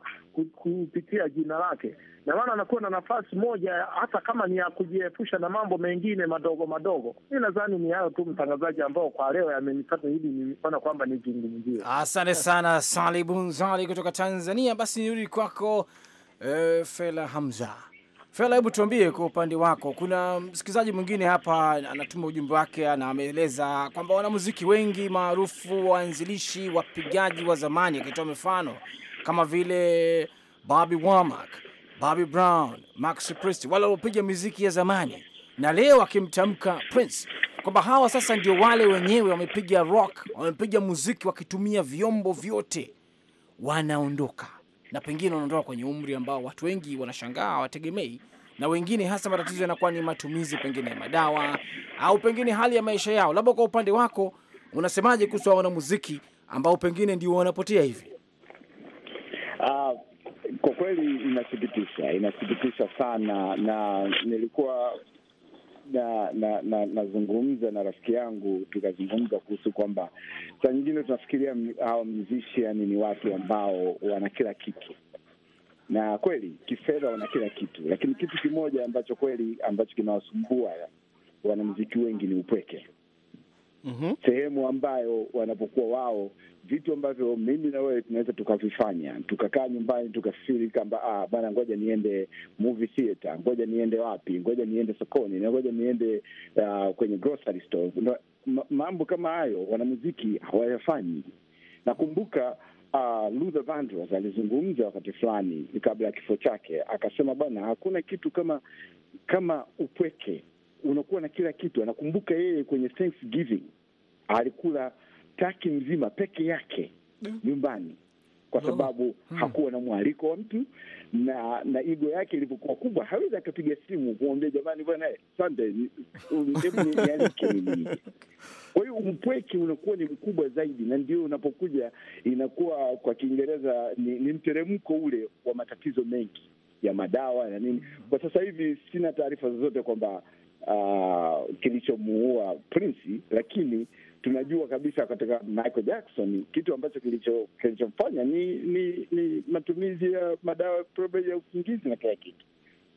kupitia jina lake na maana anakuwa na nafasi moja, hata kama ni ya kujiepusha na mambo mengine madogo madogo. Mi nadhani ni hayo tu, mtangazaji, ambao kwa leo yamenipata hili, nimeona kwamba nizungumzie. Asante sana Sali Bunzali kutoka Tanzania. Basi nirudi kwako e, Fela Hamza. Fela, hebu tuambie kwa upande wako, kuna msikilizaji mwingine hapa anatuma ujumbe wake na ameeleza kwamba wanamuziki wengi maarufu, waanzilishi, wapigaji wa zamani, akitoa mifano kama vile Bobby Womack Bobby Brown, Max Christie, wale waliopiga miziki ya zamani, na leo akimtamka Prince kwamba hawa sasa ndio wale wenyewe wamepiga rock, wamepiga muziki wakitumia vyombo vyote, wanaondoka na pengine wanaondoka kwenye umri ambao watu wengi wanashangaa wategemei na wengine hasa matatizo yanakuwa ni matumizi pengine ya madawa au pengine hali ya maisha yao. Labda kwa upande wako unasemaje kuhusu wanamuziki ambao pengine ndio wanapotea hivi? Uh, kwa kweli inasikitisha, inasikitisha sana, na nilikuwa na na nazungumza na, na rafiki yangu tukazungumza kuhusu kwamba saa nyingine tunafikiria hawa musician yaani ni watu ambao wana kila kitu, na kweli kifedha wana kila kitu, lakini kitu kimoja ambacho kweli ambacho kinawasumbua wanamuziki wengi ni upweke mm -hmm. sehemu ambayo wanapokuwa wao, vitu ambavyo mimi na wewe tunaweza tukavifanya, tukakaa nyumbani tukafikiri kwamba ah, bana, ngoja niende movie theater, ngoja niende wapi, ngoja niende sokoni, ngoja niende uh, kwenye grocery store. Mambo kama hayo wanamuziki hawayafanyi. Nakumbuka Uh, Luther Vandross alizungumza wakati fulani kabla ya kifo chake, akasema bana hakuna kitu kama kama upweke unakuwa na kila kitu. Anakumbuka yeye kwenye Thanksgiving alikula taki mzima peke yake mm. nyumbani kwa oh. sababu hmm, hakuwa na mwaliko wa mtu, na na igo yake ilivyokuwa kubwa, hawezi akapiga simu kumwambia jamani, bwana Sunday, Kwa hiyo umpweki unakuwa ni mkubwa zaidi, na ndio unapokuja inakuwa kwa Kiingereza ni, ni mteremko ule wa matatizo mengi ya madawa na nini. Mm. Kwa sasa hivi sina taarifa zozote kwamba uh, kilichomuua Prince, lakini tunajua kabisa katika Michael Jackson kitu ambacho kilichomfanya ni, ni ni matumizi ya madawa ya usingizi na kila kitu.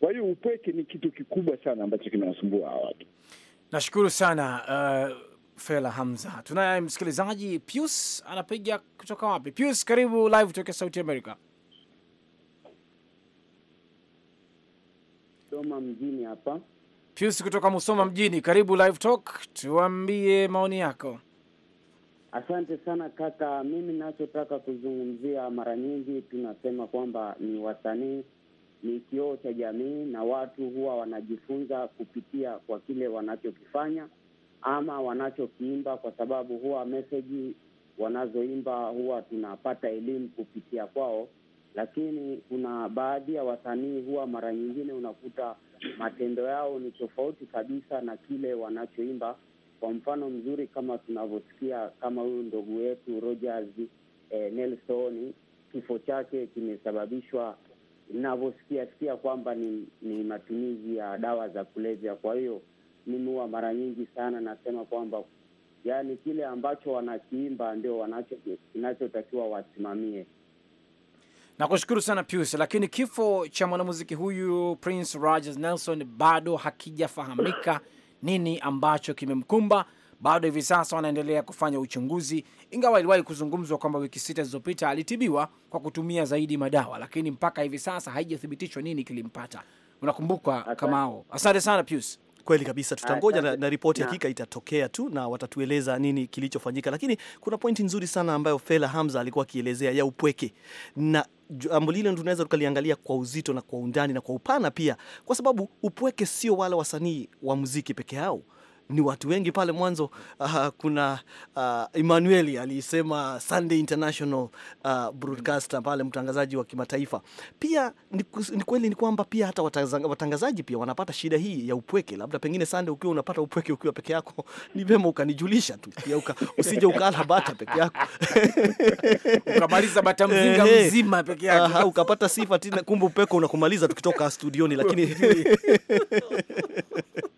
Kwa hiyo upweke ni kitu kikubwa sana ambacho kinawasumbua hawa watu. Nashukuru sana uh, Fela Hamza. Tunaye msikilizaji Pius anapiga kutoka wapi? Pius, karibu live kutoka Sauti America. Doma mjini hapa Pius kutoka Musoma mjini, karibu Live Talk, tuambie maoni yako. Asante sana kaka, mimi nachotaka kuzungumzia, mara nyingi tunasema kwamba ni wasanii ni kioo cha jamii na watu huwa wanajifunza kupitia kwa kile wanachokifanya ama wanachokiimba, kwa sababu huwa meseji wanazoimba huwa tunapata elimu kupitia kwao, lakini kuna baadhi ya wasanii huwa mara nyingine unakuta matendo yao ni tofauti kabisa na kile wanachoimba. Kwa mfano mzuri kama tunavyosikia kama huyu ndugu wetu Rogers eh, Nelson, kifo chake kimesababishwa navyosikia sikia kwamba ni, ni matumizi ya dawa za kulevya. Kwa hiyo mimi huwa mara nyingi sana nasema kwamba yani kile ambacho wanakiimba ndio kinachotakiwa wasimamie. Nakushukuru sana Pius, lakini kifo cha mwanamuziki huyu Prince Rogers Nelson bado hakijafahamika nini ambacho kimemkumba. Bado hivi sasa wanaendelea kufanya uchunguzi, ingawa iliwahi kuzungumzwa kwamba wiki sita zilizopita alitibiwa kwa kutumia zaidi madawa, lakini mpaka hivi sasa haijathibitishwa nini kilimpata. Unakumbuka Kamao? Asante sana Pius. Kweli kabisa, tutangoja na, na ripoti hakika itatokea tu na watatueleza nini kilichofanyika, lakini kuna pointi nzuri sana ambayo Fela Hamza alikuwa akielezea ya upweke na jambo lile tunaweza tukaliangalia kwa uzito na kwa undani na kwa upana pia, kwa sababu upweke sio wale wasanii wa muziki peke yao ni watu wengi pale mwanzo. Uh, kuna uh, Emmanuel alisema Sunday International uh, broadcaster pale, mtangazaji wa kimataifa pia. Ni, kweli ni kwamba pia hata watangazaji pia wanapata shida hii ya upweke. Labda pengine Sunday, ukiwa unapata upweke ukiwa peke yako, ni vema ukanijulisha tu pia uka, usije ukala bata peke yako ukamaliza bata mzinga mzima peke yako uh, ukapata sifa tena, kumbe upeko unakumaliza tukitoka studioni, lakini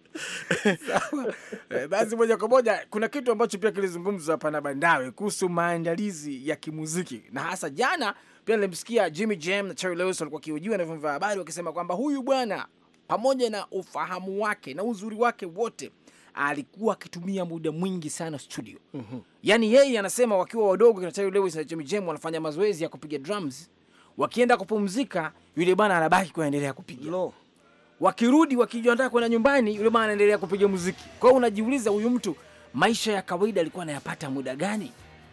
Eh, basi moja kwa moja kuna kitu ambacho pia kilizungumzwa hapa na Bandawe kuhusu maandalizi ya kimuziki na hasa jana pia nilimsikia Jimmy Jam na Terry Lewis walikuwa kiujiwa na vyombo vya habari wakisema kwamba huyu bwana pamoja na ufahamu wake na uzuri wake wote alikuwa akitumia muda mwingi sana studio. Mm -hmm. Yani yeye anasema wakiwa wadogo kina Terry Lewis na Jimmy Jam wanafanya mazoezi ya kupiga drums, wakienda kupumzika, yule bwana anabaki kuendelea kupiga wakirudi wakijiandaa kwenda nyumbani, yule bwana anaendelea kupiga muziki. Kwa hiyo unajiuliza huyu mtu maisha ya kawaida alikuwa anayapata muda gani?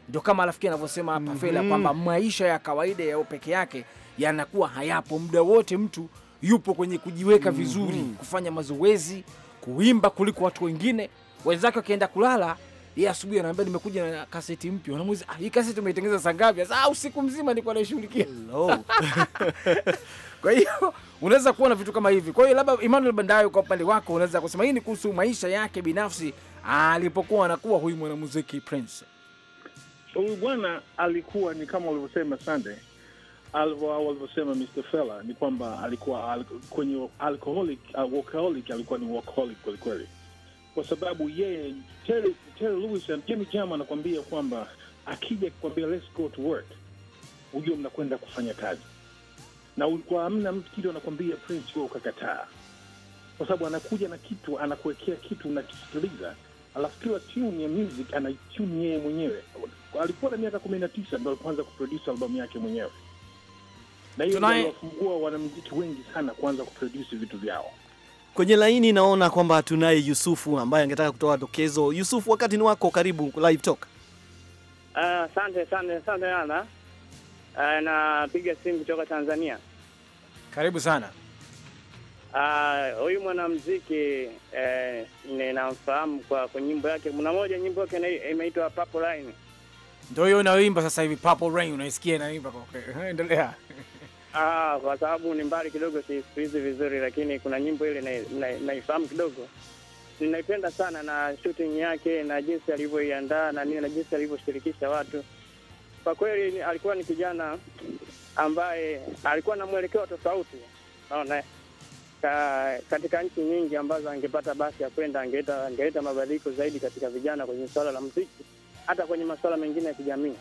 Ndio kama rafiki anavyosema hapa mm -hmm. Fela kwamba maisha ya kawaida yao peke yake yanakuwa hayapo. Muda wote mtu yupo kwenye kujiweka mhm. vizuri mm -hmm. kufanya mazoezi, kuimba kuliko watu wengine. Wenzake wakienda kulala, yeye asubuhi anaambia nimekuja na kaseti mpya. Wanamuuliza ah, hii kaseti umeitengeneza saa ngapi? Sasa ah, usiku mzima nilikuwa naishughulikia. Kwa hiyo unaweza kuona vitu kama hivi. Kwa hiyo labda Emmanuel Bandayo, kwa upande wako, unaweza kusema hii ni kuhusu maisha yake binafsi alipokuwa anakuwa huyu mwanamuziki Prince. Huyu bwana alikuwa ni kama ulivyosema Sunday, walivyosema Mr. Fella ni kwamba alikuwa al, kwenye alcoholic uh, workaholic, alikuwa ni workaholic kweli kweli, kwa sababu yeye Terry, Terry Lewis and Jimmy Jam anakuambia kwamba akija kukwambia let's go to work, hujua mnakwenda kufanya kazi na ulikuwa amna mtu kile anakwambia Prince, wewe ukakataa, kwa sababu anakuja na kitu anakuwekea kitu unakisikiliza, alafu kila tune ya music tune yeye mwenyewe. Alikuwa na miaka kumi na tisa alipoanza kuproduce albamu yake mwenyewe, na hiyo aliwafungua wanamuziki wengi sana kuanza kuproduce vitu vyao. Kwenye laini naona kwamba tunaye Yusufu ambaye angetaka kutoa dokezo. Yusufu, wakati ni wako, karibu live talk. Asante uh, asante asante ana Eh, napiga simu kutoka Tanzania. Karibu sana. Eh, huyu uh, mwanamuziki eh, ninamfahamu kwa kwa nyimbo yake. Kuna moja nyimbo yake imeitwa Purple Rain, ndio hiyo unaoimba sasa hivi. Purple Rain unaisikia inaimba kwa kweli, endelea. Ah, kwa sababu ni mbali kidogo, sisikilizi vizuri, lakini kuna nyimbo ile naifahamu na, na kidogo, ninaipenda sana na shooting yake na jinsi alivyoiandaa na nini na jinsi alivyoshirikisha watu kwa kweli alikuwa ni kijana ambaye alikuwa na mwelekeo tofauti, naona ka, katika nchi nyingi ambazo angepata basi ya kwenda angeleta angeleta mabadiliko zaidi katika vijana kwenye suala la muziki, hata kwenye masuala mengine ya kijamii.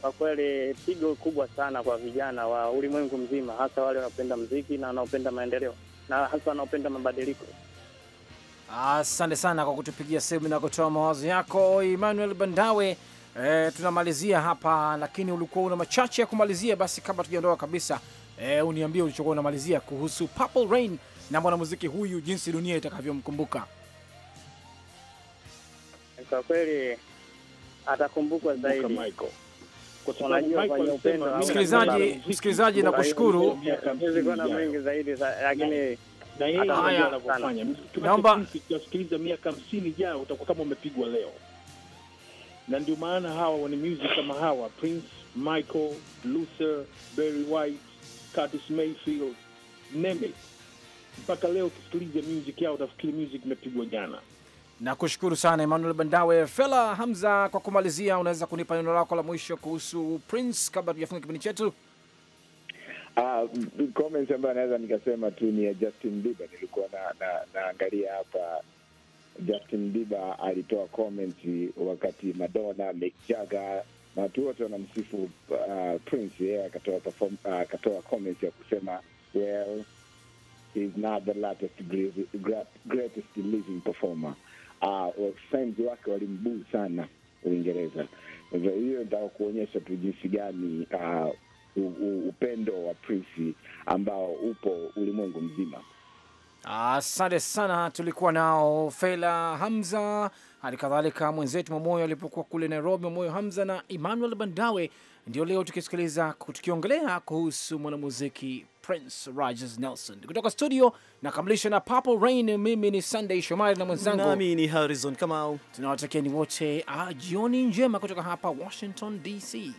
Kwa kweli pigo kubwa sana kwa vijana wa ulimwengu mzima, hasa wale wanaopenda muziki na wanaopenda maendeleo na hasa wanaopenda mabadiliko. Asante sana kwa kutupigia simu na kutoa mawazo yako, Emmanuel Bandawe e, tunamalizia hapa, lakini ulikuwa una machache ya kumalizia. Basi kabla tujaondoka kabisa, e, uniambie ulichokuwa unamalizia kuhusu Purple Rain na mwanamuziki huyu, jinsi dunia itakavyomkumbuka. Kwa kweli atakumbukwa zaidi. Msikilizaji, msikilizaji, nakushukuru. Naomba tusikiliza miaka hamsini ijayo, utakuwa kama umepigwa leo na ndio maana hawa music kama hawa Prince, Michael, Luther, Barry White, Curtis Mayfield, name it, mpaka leo ukisikiliza music yao utafikiri music imepigwa jana. Nakushukuru sana Emmanuel Bandawe. Fela Hamza, kwa kumalizia, unaweza kunipa neno lako la mwisho kuhusu Prince kabla tujafunga kipindi chetu? Uh, comments ambayo naweza nikasema tu ni ya Justin Bieber. Nilikuwa na, na, naangalia hapa Justin Bieber alitoa komenti wakati Madonna, Mick Jagger na watu wote wanamsifu uh, Prince. Yeye akatoa uh, akatoa comment ya kusema well is not the latest greatest living performer. Wasanzi uh, wake walimbuu sana Uingereza. Hiyo ndio kuonyesha tu jinsi gani uh, upendo wa Prince ambao upo ulimwengu mzima. Asante sana. Tulikuwa nao Fela Hamza, hali kadhalika mwenzetu Mamoyo alipokuwa kule Nairobi, Mamoyo Hamza na Emmanuel Bandawe. Ndio leo tukisikiliza, tukiongelea kuhusu mwanamuziki Prince Rogers Nelson kutoka studio na kamilisha na Purple Rain. Mimi ni Sunday Shomari na mwenzangu nami ni Harrison Kamau. ni wote jioni njema kutoka hapa Washington DC.